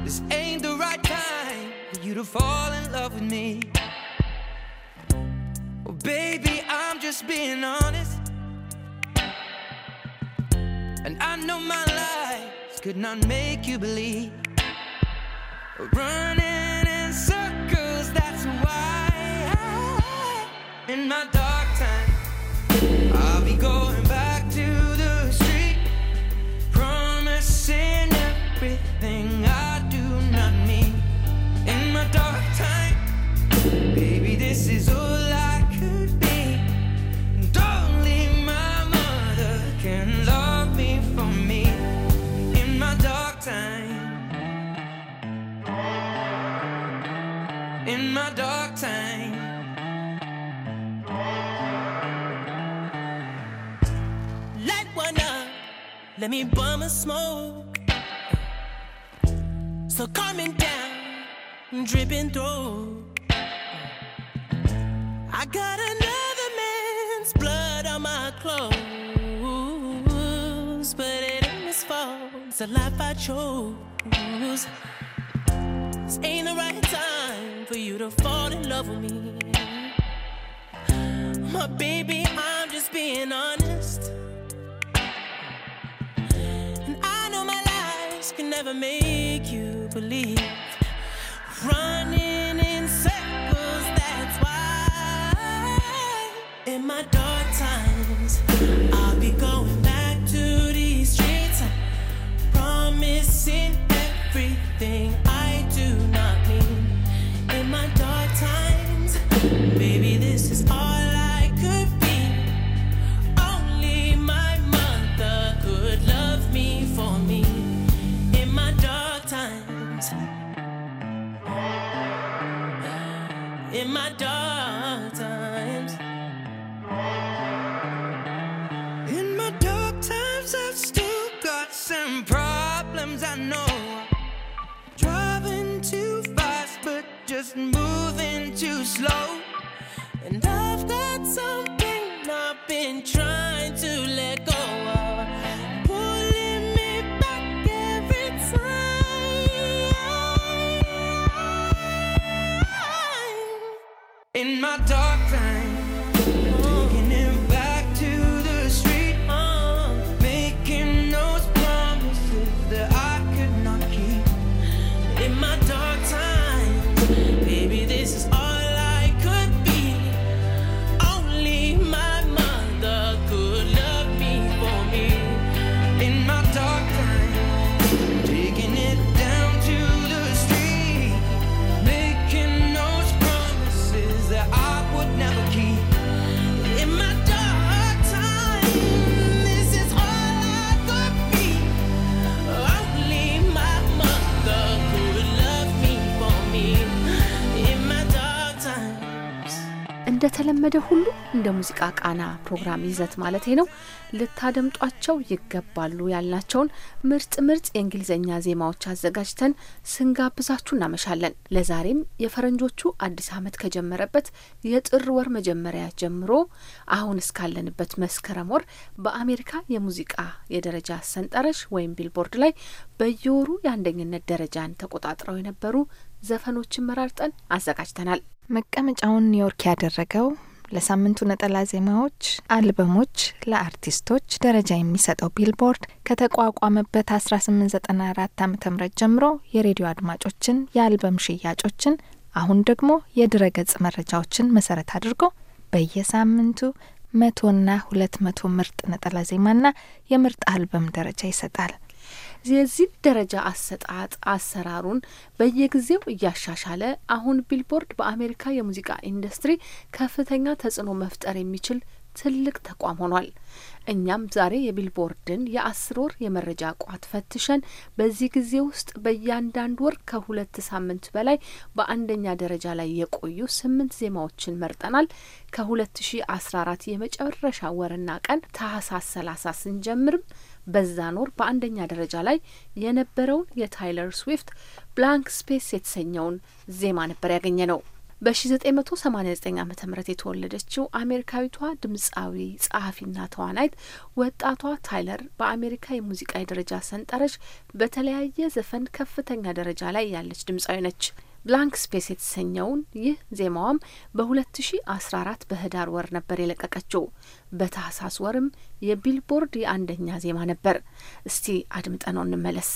This ain't the right time for you to fall in love with me. Well, baby, I'm just being honest. And I know my lies could not make you believe. Running in circles, that's why I, in my Let me bum a smoke. So coming down, dripping through. I got another man's blood on my clothes, but it ain't his fault. It's a life I chose. This ain't the right time for you to fall in love with me. My baby, I'm just being honest. can never make you believe. Running in circles, that's why. In my dark times, I'll be going back to these streets, promising everything. slow. And I've got something I've been trying to let go of. Pulling me back every time. In my dark እንደተለመደ ሁሉ እንደ ሙዚቃ ቃና ፕሮግራም ይዘት ማለት ነው ልታደምጧቸው ይገባሉ ያልናቸውን ምርጥ ምርጥ የእንግሊዝኛ ዜማዎች አዘጋጅተን ስንጋብዛችሁ እናመሻለን። ለዛሬም የፈረንጆቹ አዲስ ዓመት ከጀመረበት የጥር ወር መጀመሪያ ጀምሮ አሁን እስካለንበት መስከረም ወር በአሜሪካ የሙዚቃ የደረጃ ሰንጠረዥ ወይም ቢልቦርድ ላይ በየወሩ የአንደኝነት ደረጃን ተቆጣጥረው የነበሩ ዘፈኖችን መራርጠን አዘጋጅተናል። መቀመጫውን ኒውዮርክ ያደረገው ለሳምንቱ ነጠላ ዜማዎች አልበሞች ለአርቲስቶች ደረጃ የሚሰጠው ቢልቦርድ ከተቋቋመበት 1894 ዓ ም ጀምሮ የሬዲዮ አድማጮችን፣ የአልበም ሽያጮችን፣ አሁን ደግሞ የድረገጽ መረጃዎችን መሰረት አድርጎ በየሳምንቱ መቶና ሁለት መቶ ምርጥ ነጠላ ዜማና የምርጥ አልበም ደረጃ ይሰጣል። የዚህ ደረጃ አሰጣጥ አሰራሩን በየጊዜው እያሻሻለ አሁን ቢልቦርድ በአሜሪካ የሙዚቃ ኢንዱስትሪ ከፍተኛ ተጽዕኖ መፍጠር የሚችል ትልቅ ተቋም ሆኗል። እኛም ዛሬ የቢልቦርድን የአስር ወር የመረጃ ቋት ፈትሸን በዚህ ጊዜ ውስጥ በእያንዳንድ ወር ከሁለት ሳምንት በላይ በአንደኛ ደረጃ ላይ የቆዩ ስምንት ዜማዎችን መርጠናል። ከሁለት ሺ አስራ አራት የመጨረሻ ወርና ቀን ታህሳስ ሰላሳ ስንጀምርም በዛ ኖር በአንደኛ ደረጃ ላይ የነበረውን የታይለር ስዊፍት ብላንክ ስፔስ የተሰኘውን ዜማ ነበር ያገኘ ነው። በ1989 ዓ ም የተወለደችው አሜሪካዊቷ ድምፃዊ ጸሐፊና ተዋናይት ወጣቷ ታይለር በአሜሪካ የሙዚቃ ደረጃ ሰንጠረዥ በተለያየ ዘፈን ከፍተኛ ደረጃ ላይ ያለች ድምፃዊ ነች። ብላንክ ስፔስ የተሰኘውን ይህ ዜማዋም በ2014 በህዳር ወር ነበር የለቀቀችው። በታህሳስ ወርም የቢልቦርድ የአንደኛ ዜማ ነበር። እስቲ አድምጠነው እንመለስ።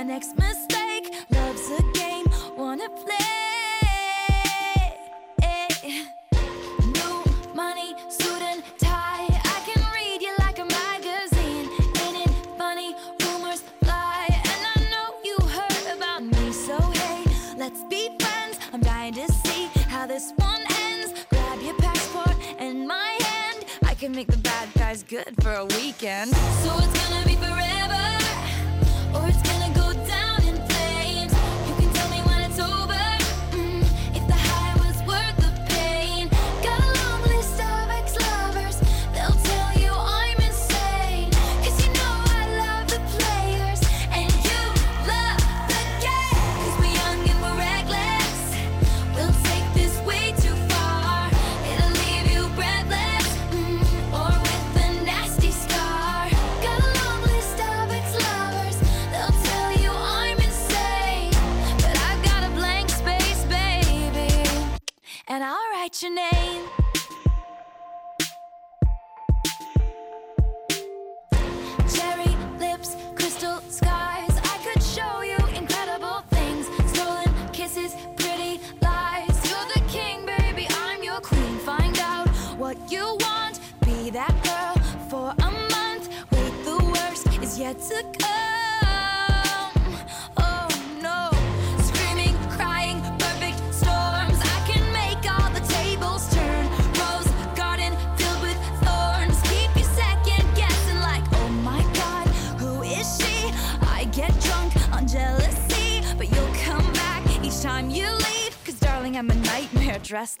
my next mistake. Love's a game, wanna play. New money, suit and tie. I can read you like a magazine. Ain't it funny? Rumors fly, and I know you heard about me. So hey, let's be friends. I'm dying to see how this one ends. Grab your passport and my hand. I can make the bad guys good for a weekend. So it's gonna be.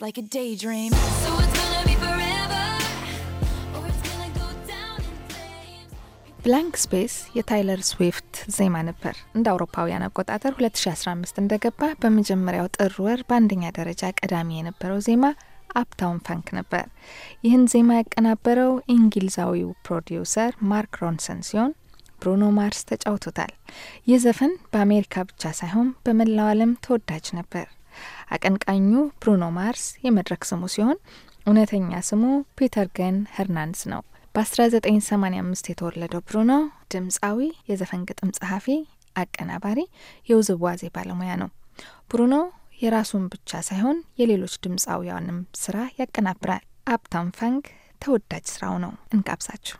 just like a daydream. So it's gonna be forever, or it's gonna go down in flames. ብላንክ ስፔስ የታይለር ስዊፍት ዜማ ነበር። እንደ አውሮፓውያን አቆጣጠር 2015 እንደገባ በመጀመሪያው ጥር ወር በአንደኛ ደረጃ ቀዳሚ የነበረው ዜማ አፕታውን ፋንክ ነበር። ይህን ዜማ ያቀናበረው እንግሊዛዊው ፕሮዲውሰር ማርክ ሮንሰን ሲሆን ብሩኖ ማርስ ተጫውቶታል። ይህ ዘፈን በአሜሪካ ብቻ ሳይሆን በመላው ዓለም ተወዳጅ ነበር። አቀንቃኙ ብሩኖ ማርስ የመድረክ ስሙ ሲሆን እውነተኛ ስሙ ፒተር ገን ሄርናንድስ ነው። በ1985 የተወለደው ብሩኖ ድምፃዊ፣ የዘፈን ግጥም ጸሐፊ፣ አቀናባሪ፣ የውዝዋዜ ባለሙያ ነው። ብሩኖ የራሱን ብቻ ሳይሆን የሌሎች ድምፃዊያንም ስራ ያቀናብራል። አፕታውን ፋንክ ተወዳጅ ስራው ነው። እንጋብዛችሁ።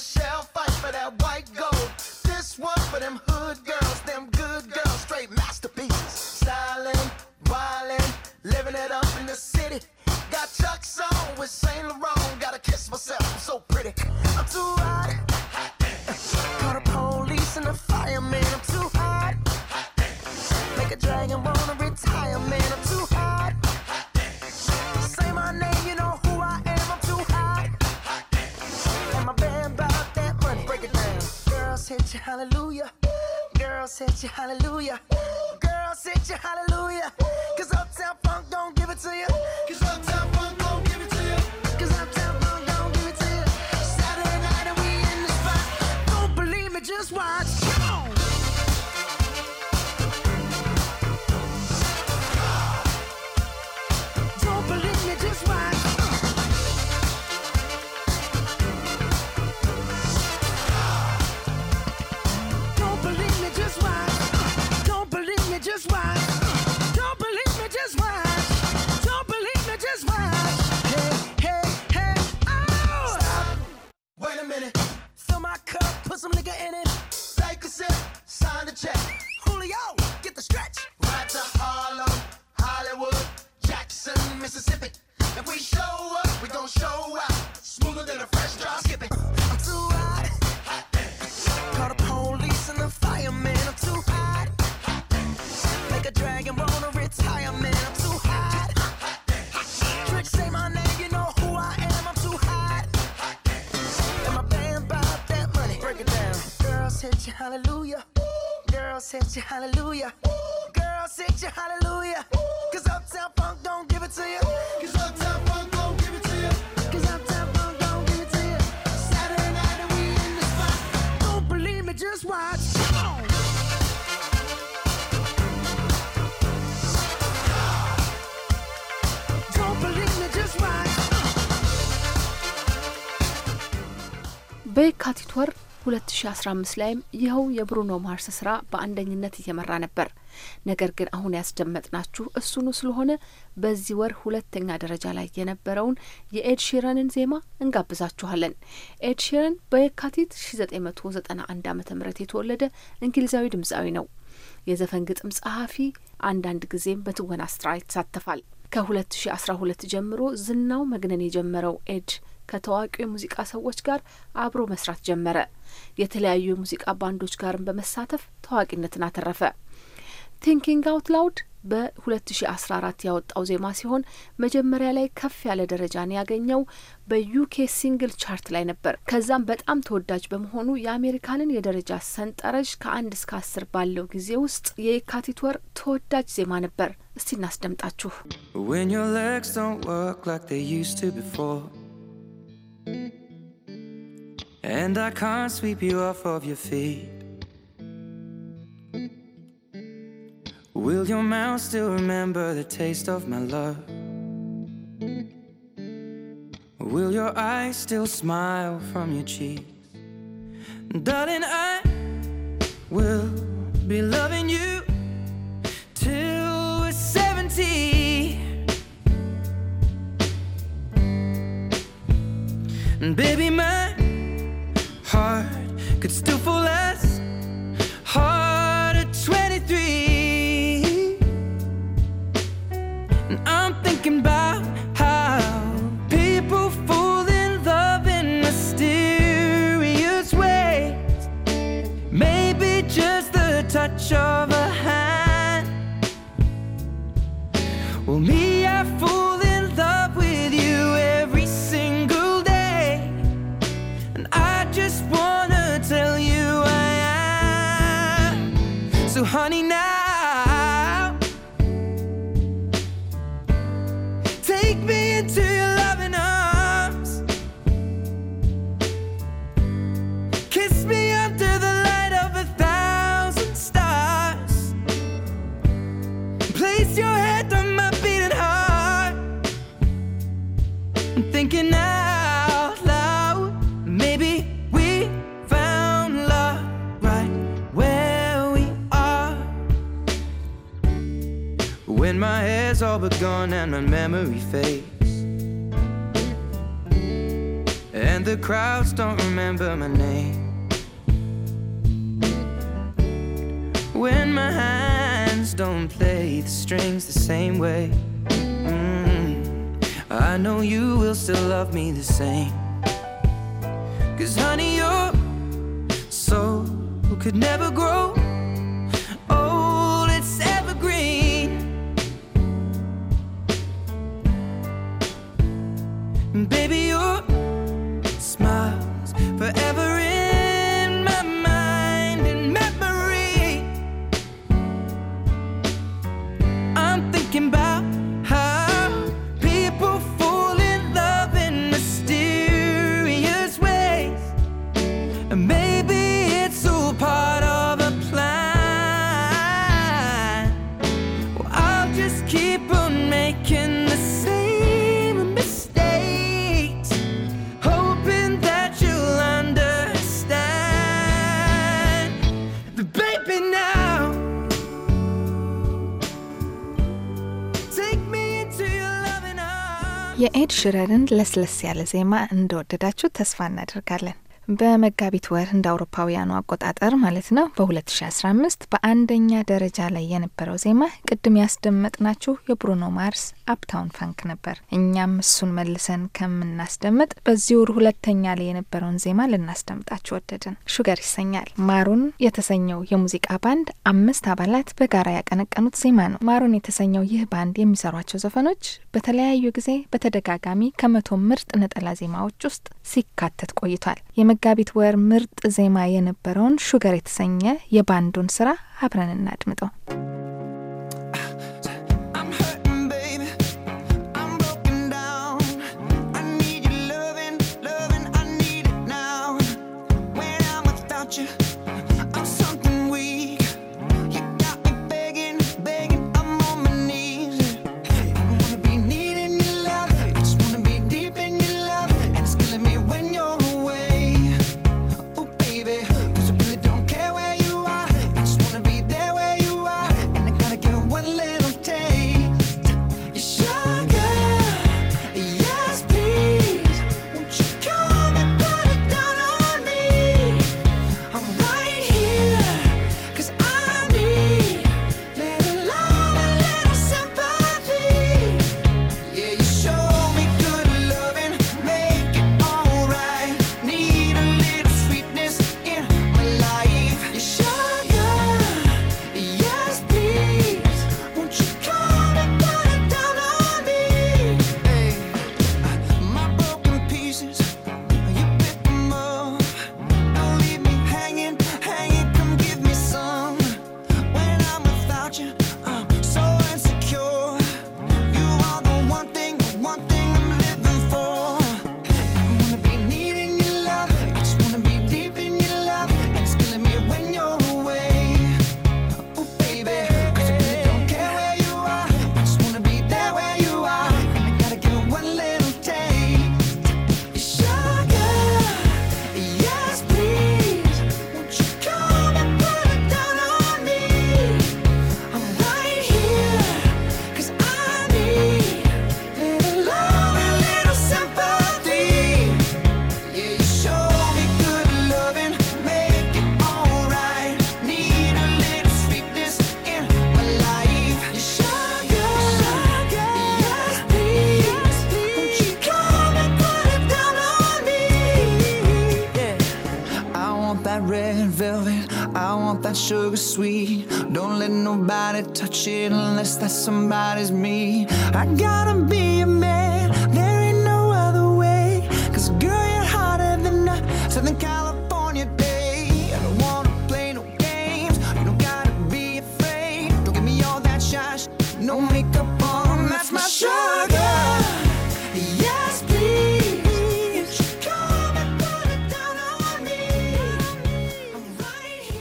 Michelle, fight for that white gold. This one for them hood girls, them good girls, straight masterpieces. Stylin', wildin', living it up in the city. Got Chuck's on with Saint Laurent, gotta kiss myself, I'm so pretty. I'm too hot. hallelujah. Girl, said your hallelujah. Girl, said your hallelujah. Cause Uptown Funk don't give it to you. Cause some nigga in it. Take a sip, sign the check. Julio, get the stretch. Right to Harlem, Hollywood, Jackson, Mississippi. If we show up, we gon' show out. Smoother than a fresh drop. Skip it. hit you hallelujah. Ooh. Girls hit you hallelujah. Ooh. Cause Uptown Funk don't give it to you. Ooh. Cause Uptown Funk don't give it to you. Cause Uptown Funk don't give it to you. Saturday night and we in the spot. Don't believe me, just watch. Don't believe me, just watch. በየካቲት ወር 2015 ላይም ይኸው የብሩኖ ማርስ ስራ በአንደኝነት እየመራ ነበር። ነገር ግን አሁን ያስደመጥናችሁ እሱኑ ስለሆነ በዚህ ወር ሁለተኛ ደረጃ ላይ የነበረውን የኤድ ሺረንን ዜማ እንጋብዛችኋለን። ኤድ ሺረን በየካቲት 1991 ዓ ም የተወለደ እንግሊዛዊ ድምፃዊ ነው። የዘፈን ግጥም ጸሐፊ፣ አንዳንድ ጊዜም በትወና ስራ ይሳተፋል። ከ2012 ጀምሮ ዝናው መግነን የጀመረው ኤድ ከታዋቂ የሙዚቃ ሰዎች ጋር አብሮ መስራት ጀመረ። የተለያዩ የሙዚቃ ባንዶች ጋርም በመሳተፍ ታዋቂነትን አተረፈ። ቲንኪንግ አውት ላውድ በ2014 ያወጣው ዜማ ሲሆን መጀመሪያ ላይ ከፍ ያለ ደረጃን ያገኘው በዩኬ ሲንግል ቻርት ላይ ነበር። ከዛም በጣም ተወዳጅ በመሆኑ የአሜሪካንን የደረጃ ሰንጠረዥ ከአንድ እስከ አስር ባለው ጊዜ ውስጥ የየካቲት ወር ተወዳጅ ዜማ ነበር። እስቲ እናስደምጣችሁ። And I can't sweep you off of your feet. Will your mouth still remember the taste of my love? Will your eyes still smile from your cheeks? Darling, I will be loving you baby, my heart could still fall gone and my memory fades. And the crowds don't remember my name. When my hands don't play the strings the same way, mm I know you will still love me the same. Cause honey, your soul could never grow. Baby, ሽረንን ለስለስ ያለ ዜማ እንደወደዳችሁ ተስፋ እናደርጋለን። በመጋቢት ወር እንደ አውሮፓውያኑ አቆጣጠር ማለት ነው በ2015 በአንደኛ ደረጃ ላይ የነበረው ዜማ ቅድም ያስደመጥናችሁ የብሩኖ ማርስ አፕታውን ፋንክ ነበር። እኛም እሱን መልሰን ከምናስደምጥ በዚህ ወር ሁለተኛ ላይ የነበረውን ዜማ ልናስደምጣችሁ ወደድን። ሹገር ይሰኛል። ማሩን የተሰኘው የሙዚቃ ባንድ አምስት አባላት በጋራ ያቀነቀኑት ዜማ ነው። ማሩን የተሰኘው ይህ ባንድ የሚሰሯቸው ዘፈኖች በተለያዩ ጊዜ በተደጋጋሚ ከመቶ ምርጥ ነጠላ ዜማዎች ውስጥ ሲካተት ቆይቷል። የመጋቢት ወር ምርጥ ዜማ የነበረውን ሹገር የተሰኘ የባንዱን ስራ አብረን እናድምጠው። you gotta be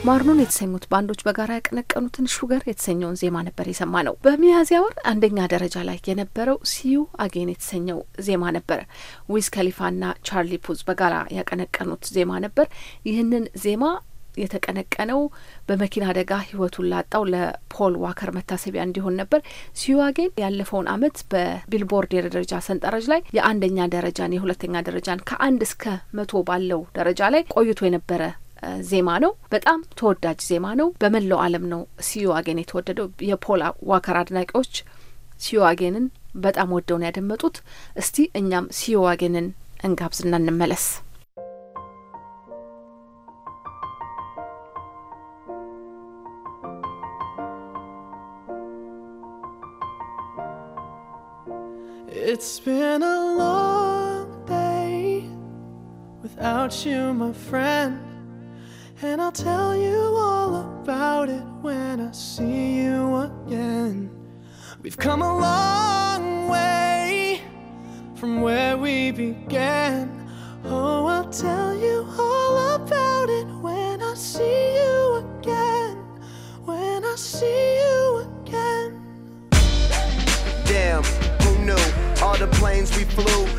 ማርኖን የተሰኙት ባንዶች በጋራ ያቀነቀኑትን ሹገር የተሰኘውን ዜማ ነበር የሰማ ነው። በሚያዝያ ወር አንደኛ ደረጃ ላይ የነበረው ሲዩ አጌን የተሰኘው ዜማ ነበር። ዊዝ ከሊፋና ቻርሊ ፑዝ በጋራ ያቀነቀኑት ዜማ ነበር። ይህንን ዜማ የተቀነቀነው በመኪና አደጋ ህይወቱን ላጣው ለፖል ዋከር መታሰቢያ እንዲሆን ነበር። ሲዋጌን ያለፈውን አመት በቢልቦርድ የደረጃ ሰንጠረዥ ላይ የአንደኛ ደረጃን፣ የሁለተኛ ደረጃን ከአንድ እስከ መቶ ባለው ደረጃ ላይ ቆይቶ የነበረ ዜማ ነው። በጣም ተወዳጅ ዜማ ነው። በመላው ዓለም ነው ሲዩ አጌን የተወደደው። የፖል ዋከር አድናቂዎች ሲዩ አጌንን በጣም ወደውን ያደመጡት። እስቲ እኛም ሲዩ አጌንን እንጋብዝና እንመለስ። It's been a long day without you, my friend. And I'll tell you all about it when I see you again. We've come a long way from where we began. Oh, I'll tell you all about it when I see you again. When I see you again. Damn, who knew all the planes we flew?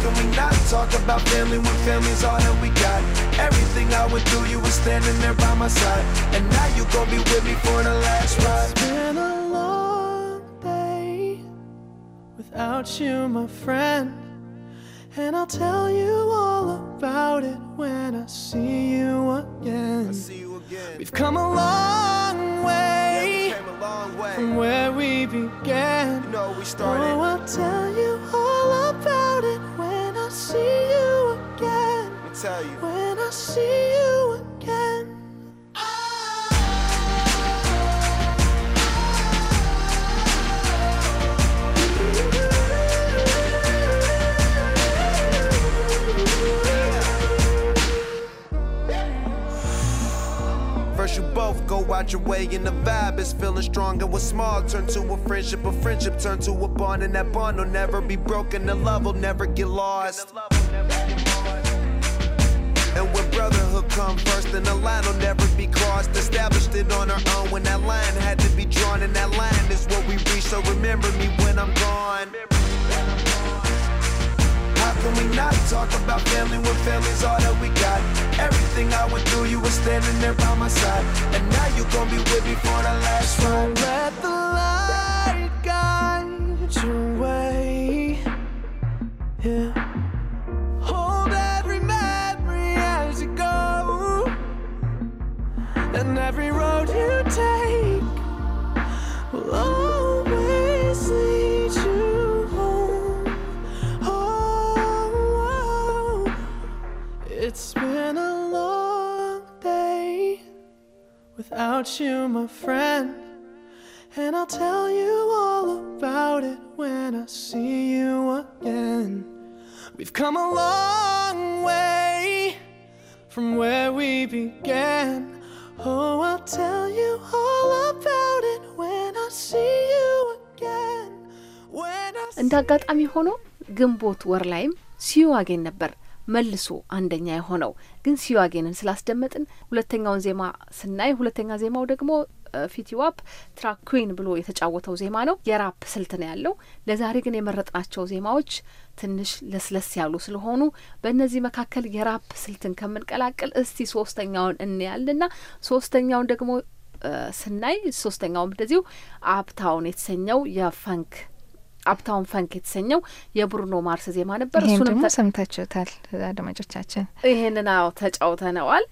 can we not talk about family when family's all that we got? Everything I went through, you standing there by my side. And now you gon' be with me for the last ride. It's been a long day without you, my friend. And I'll tell you all about it when I see you again. See you again. We've come a long way, from where we began. You know, we oh, I'll tell you all about it see you again. Let me tell you. When I see you again. both go out your way and the vibe is feeling strong and what's small turn to a friendship a friendship turn to a bond and that bond will never be broken the love will never get lost and when brotherhood come first, then the line will never be crossed. Established it on our own when that line had to be drawn, and that line is what we reach. So remember me when I'm gone can we not talk about family when family's all that we got? Everything I went through, you were standing there by my side. And now you are gonna be with me for the last ride. let the light guide your way. Yeah. Hold every memory as you go. And every road you take will always lead. without you, my friend. And I'll tell you all about it when I see you again. We've come a long way from where we began. Oh, I'll tell you all about it when I see you again. እንደ አጋጣሚ ሆኖ ግንቦት ወር ላይም ሲዩ አገኝ ነበር መልሶ አንደኛ የሆነው ግን ሲዋጌንን ስላስደመጥን ሁለተኛውን ዜማ ስናይ ሁለተኛ ዜማው ደግሞ ፊቲዋፕ ትራክ ኩዊን ብሎ የተጫወተው ዜማ ነው። የራፕ ስልት ነው ያለው። ለዛሬ ግን የመረጥናቸው ዜማዎች ትንሽ ለስለስ ያሉ ስለሆኑ በእነዚህ መካከል የራፕ ስልትን ከምንቀላቅል እስቲ ሶስተኛውን እንያልና ሶስተኛውን ደግሞ ስናይ ሶስተኛውም እንደዚሁ አፕታውን የተሰኘው የፈንክ አፕታውን ፈንክ የተሰኘው የብሩኖ ማርስ ዜማ ነበር። እሱንም ሰምታችሁታል አድማጮቻችን፣ ይሄንን አዎ ተጫውተነዋል።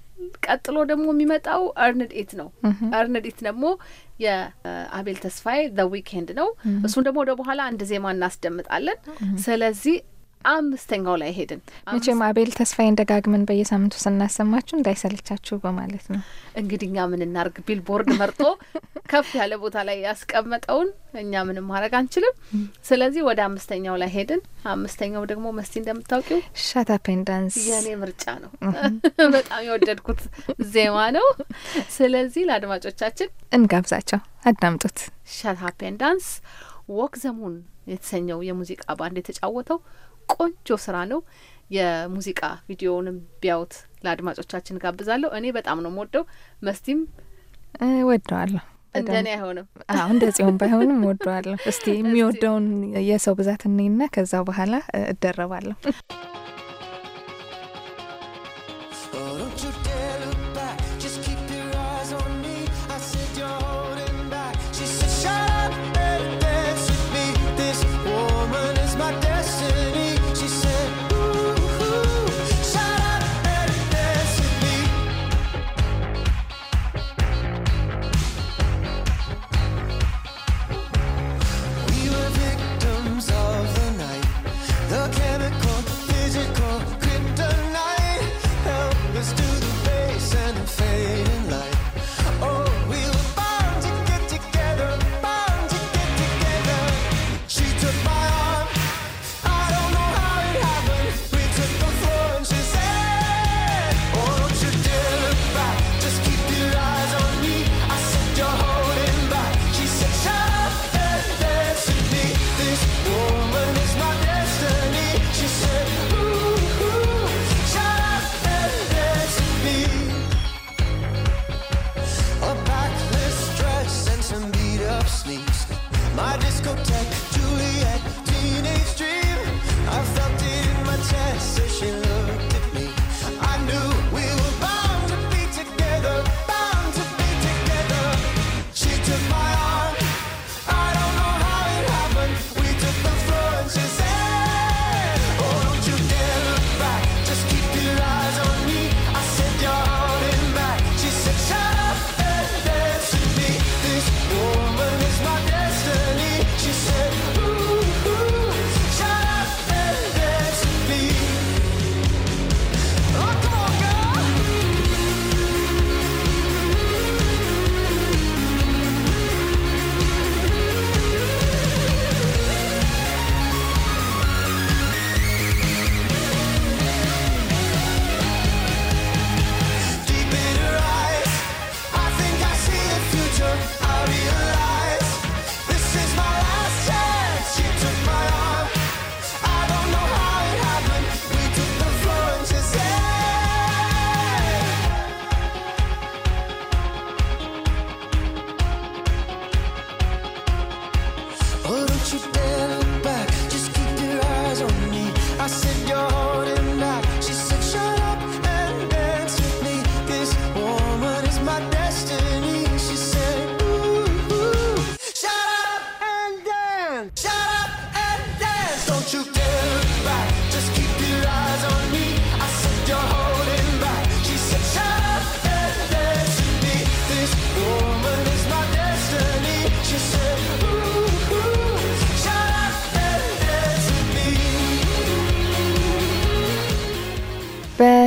ቀጥሎ ደግሞ የሚመጣው እርንዴት ነው። እርንድ ደግሞ የአቤል ተስፋዬ ዘ ዊኬንድ ነው። እሱን ደግሞ ወደ በኋላ አንድ ዜማ እናስደምጣለን። ስለዚህ አምስተኛው ላይ ሄድን። መቼም አቤል ተስፋዬን ደጋግመን በየሳምንቱ ስናሰማችሁ እንዳይሰልቻችሁ በማለት ነው። እንግዲህ እኛ ምን እናርግ? ቢልቦርድ መርጦ ከፍ ያለ ቦታ ላይ ያስቀመጠውን እኛ ምንም ማድረግ አንችልም። ስለዚህ ወደ አምስተኛው ላይ ሄድን። አምስተኛው ደግሞ መስቲ እንደምታውቂው ሻታፔንዳንስ የኔ ምርጫ ነው። በጣም የወደድኩት ዜማ ነው። ስለዚህ ለአድማጮቻችን እንጋብዛቸው፣ አዳምጡት። ሻታፔንዳንስ ወክ ዘሙን የተሰኘው የሙዚቃ ባንድ የተጫወተው ቆንጆ ስራ ነው። የሙዚቃ ቪዲዮውንም ቢያዩት ለአድማጮቻችን ጋብዛለሁ። እኔ በጣም ነው የምወደው። መስቲም ወደዋለሁ። እንደኔ አይሆንም። አዎ እንደ ጽዮን ባይሆንም ወደዋለሁ። እስቲ የሚወደውን የሰው ብዛት እኔና ከዛ በኋላ እደረባለሁ።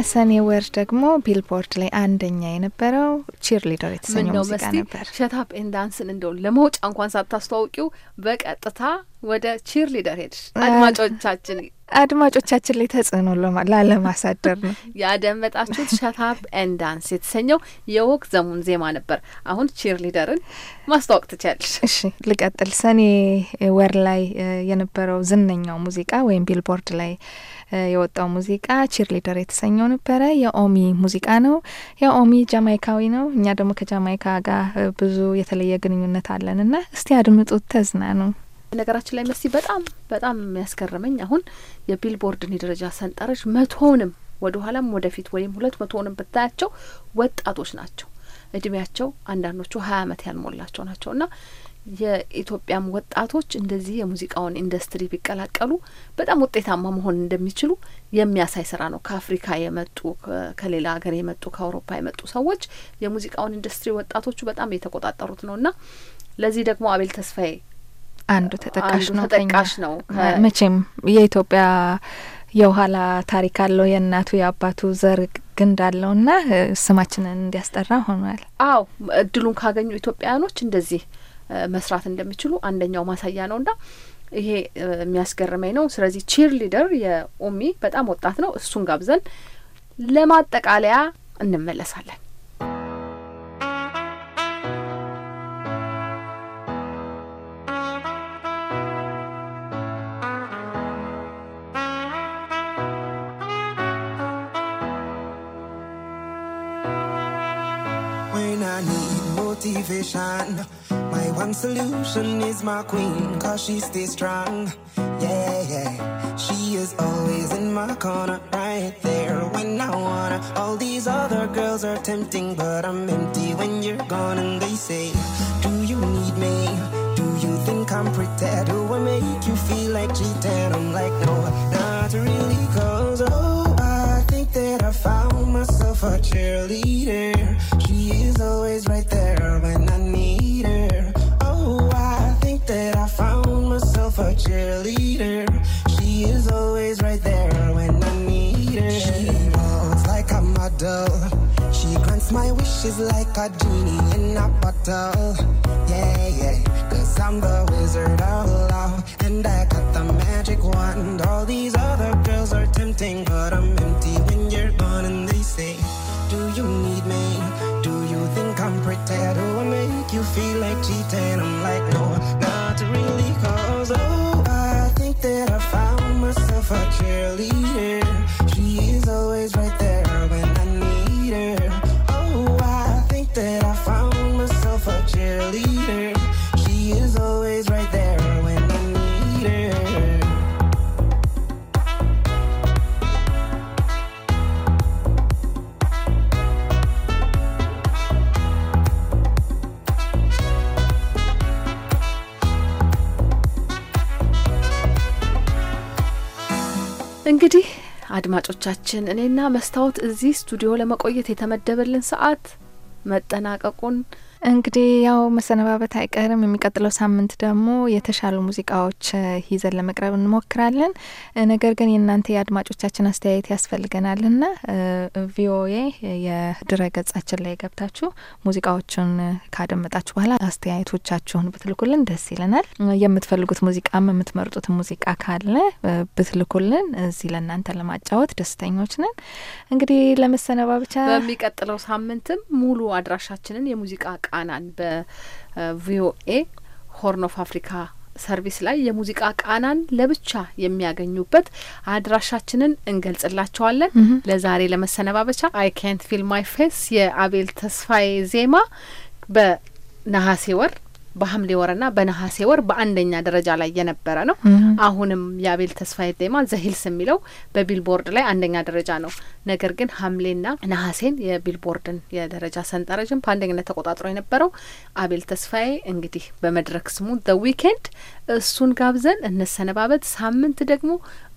በሰኔ ወር ደግሞ ቢልቦርድ ላይ አንደኛ የነበረው ቺርሊደር የተሰኘው ሙዚቃ ነበር። ሸታፕ ኤንዳንስን ዳንስን እንደው ለመውጫ እንኳን ሳታስተዋውቂው በቀጥታ ወደ ቺርሊደር ሊደር ሄድሽ። አድማጮቻችን አድማጮቻችን ላይ ተጽዕኖ ላለማሳደር ነው። ያደመጣችሁት ሸታፕ ኤንዳንስ የተሰኘው የወቅ ዘሙን ዜማ ነበር። አሁን ቺር ሊደርን ማስተዋወቅ ትችያለሽ። እሺ ልቀጥል። ሰኔ ወር ላይ የነበረው ዝነኛው ሙዚቃ ወይም ቢልቦርድ ላይ የወጣው ሙዚቃ ቺር ሊደር የተሰኘው ነበረ። የኦሚ ሙዚቃ ነው። የኦሚ ጃማይካዊ ነው። እኛ ደግሞ ከጃማይካ ጋር ብዙ የተለየ ግንኙነት አለን እና እስቲ አድምጡት፣ ተዝናኑ። ነገራችን ላይ መሲ በጣም በጣም የሚያስገርመኝ አሁን የቢልቦርድን የደረጃ ሰንጠረዥ መቶውንም ወደ ኋላም ወደፊት ወይም ሁለት መቶውንም ብታያቸው ወጣቶች ናቸው። እድሜያቸው አንዳንዶቹ ሀያ አመት ያልሞላቸው ናቸው እና የኢትዮጵያም ወጣቶች እንደዚህ የሙዚቃውን ኢንዱስትሪ ቢቀላቀሉ በጣም ውጤታማ መሆን እንደሚችሉ የሚያሳይ ስራ ነው። ከአፍሪካ የመጡ ከሌላ ሀገር የመጡ ከአውሮፓ የመጡ ሰዎች የሙዚቃውን ኢንዱስትሪ ወጣቶቹ በጣም የተቆጣጠሩት ነው እና ለዚህ ደግሞ አቤል ተስፋዬ አንዱ ተጠቃሽ ነው ተጠቃሽ ነው። መቼም የኢትዮጵያ የኋላ ታሪክ አለው የእናቱ የአባቱ ዘር ግንድ አለው ና ስማችንን እንዲያስጠራ ሆኗል። አዎ እድሉን ካገኙ ኢትዮጵያውያኖች እንደዚህ መስራት እንደሚችሉ አንደኛው ማሳያ ነው እና ይሄ የሚያስገርመኝ ነው። ስለዚህ ቺር ሊደር የኦሚ በጣም ወጣት ነው። እሱን ጋብዘን ለማጠቃለያ እንመለሳለን። motivation. My one solution is my queen, cause she stays strong. Yeah, yeah. She is always in my corner, right there when I wanna. All these other girls are tempting, but I'm empty when you're gone. And they say, Do you need me? Do you think I'm pretty? Do I make you feel like cheating? I'm like, No, not really, cause oh, I think that I found myself a cheerleader. She is always right there love like a genie in a bottle. Yeah, yeah. Cause I'm the wizard of love. And I got the magic wand. All these other girls are tempting, but I'm empty when you're gone. And they say, Do you need me? Do you think I'm pretty? Do I make you feel like cheating? I'm like, No. አድማጮቻችን እኔና መስታወት እዚህ ስቱዲዮ ለመቆየት የተመደበልን ሰዓት መጠናቀቁን እንግዲህ ያው መሰነባበት አይቀርም። የሚቀጥለው ሳምንት ደግሞ የተሻሉ ሙዚቃዎች ይዘን ለመቅረብ እንሞክራለን። ነገር ግን የእናንተ የአድማጮቻችን አስተያየት ያስፈልገናል ና ቪኦኤ የድረ ገጻችን ላይ ገብታችሁ ሙዚቃዎቹን ካደመጣችሁ በኋላ አስተያየቶቻችሁን ብትልኩልን ደስ ይለናል። የምትፈልጉት ሙዚቃም የምትመርጡት ሙዚቃ ካለ ብትልኩልን እዚህ ለእናንተ ለማጫወት ደስተኞች ነን። እንግዲህ ለመሰነባበቻ በሚቀጥለው ሳምንትም ሙሉ አድራሻችንን የሙዚቃ ቃናን በቪኦኤ ሆርን ኦፍ አፍሪካ ሰርቪስ ላይ የሙዚቃ ቃናን ለብቻ የሚያገኙበት አድራሻችንን እንገልጽላቸዋለን። ለዛሬ ለመሰነባበቻ አይ ካንት ፊል ማይ ፌስ የአቤል ተስፋዬ ዜማ በነሐሴ ወር በሐምሌ ወርና በነሐሴ ወር በአንደኛ ደረጃ ላይ የነበረ ነው። አሁንም የአቤል ተስፋዬ ዜማ ዘሂልስ የሚለው በቢልቦርድ ላይ አንደኛ ደረጃ ነው። ነገር ግን ሐምሌና ነሐሴን የቢልቦርድን የደረጃ ሰንጠረዥን በአንደኝነት ተቆጣጥሮ የነበረው አቤል ተስፋዬ እንግዲህ በመድረክ ስሙ ዘ ዊኬንድ፣ እሱን ጋብዘን እንሰነባበት። ሳምንት ደግሞ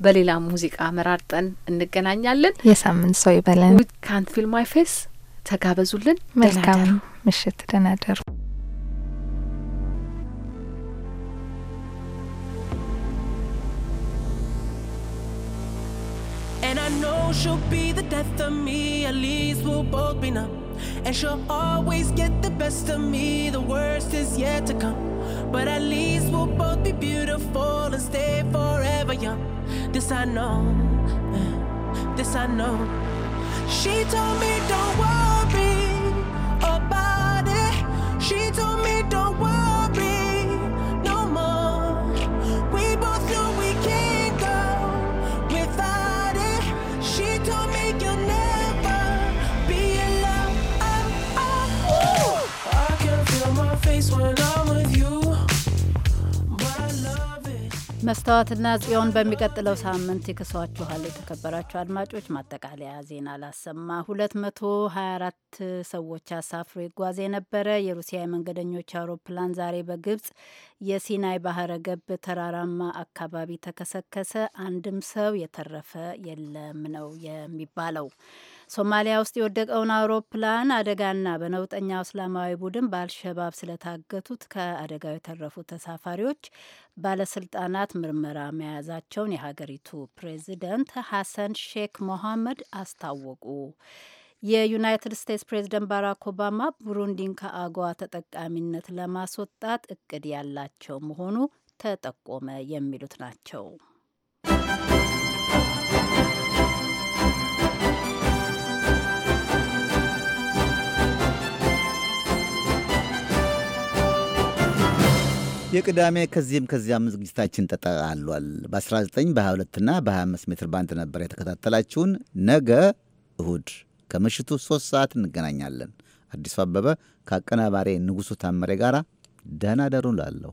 በሌላ ሙዚቃ መራርጠን እንገናኛለን። የሳምንት ሰው ይበለን። ካንት ፊል ማይ ፌስ ተጋበዙልን። መልካም ምሽት፣ ደናደሩ she'll be the death of me, at least we'll both be numb. And she'll always get the best of me, the worst is yet to come. But at least we'll both be beautiful and stay forever young. This I know, this I know. She told me don't worry about it, she told me don't worry. መስታወትና ጽዮን በሚቀጥለው ሳምንት ይክሷችኋል። የተከበራችሁ አድማጮች ማጠቃለያ ዜና ላሰማ። 224 ሰዎች አሳፍሮ ይጓዝ የነበረ የሩሲያ የመንገደኞች አውሮፕላን ዛሬ በግብጽ የሲናይ ባህረ ገብ ተራራማ አካባቢ ተከሰከሰ። አንድም ሰው የተረፈ የለም ነው የሚባለው። ሶማሊያ ውስጥ የወደቀውን አውሮፕላን አደጋና በነውጠኛው እስላማዊ ቡድን በአልሸባብ ስለታገቱት ከአደጋው የተረፉ ተሳፋሪዎች ባለስልጣናት ምርመራ መያዛቸውን የሀገሪቱ ፕሬዚደንት ሐሰን ሼክ ሞሐመድ አስታወቁ። የዩናይትድ ስቴትስ ፕሬዚደንት ባራክ ኦባማ ቡሩንዲን ከአጎዋ ተጠቃሚነት ለማስወጣት እቅድ ያላቸው መሆኑ ተጠቆመ። የሚሉት ናቸው። የቅዳሜ ከዚህም ከዚያም ዝግጅታችን ተጠቃሏል። በ19 በ22ና በ25 ሜትር ባንድ ነበር የተከታተላችሁን። ነገ እሁድ ከምሽቱ ሶስት ሰዓት እንገናኛለን። አዲሱ አበበ ከአቀናባሪ ንጉሡ ታመሬ ጋር ደህና ደሩ ላለሁ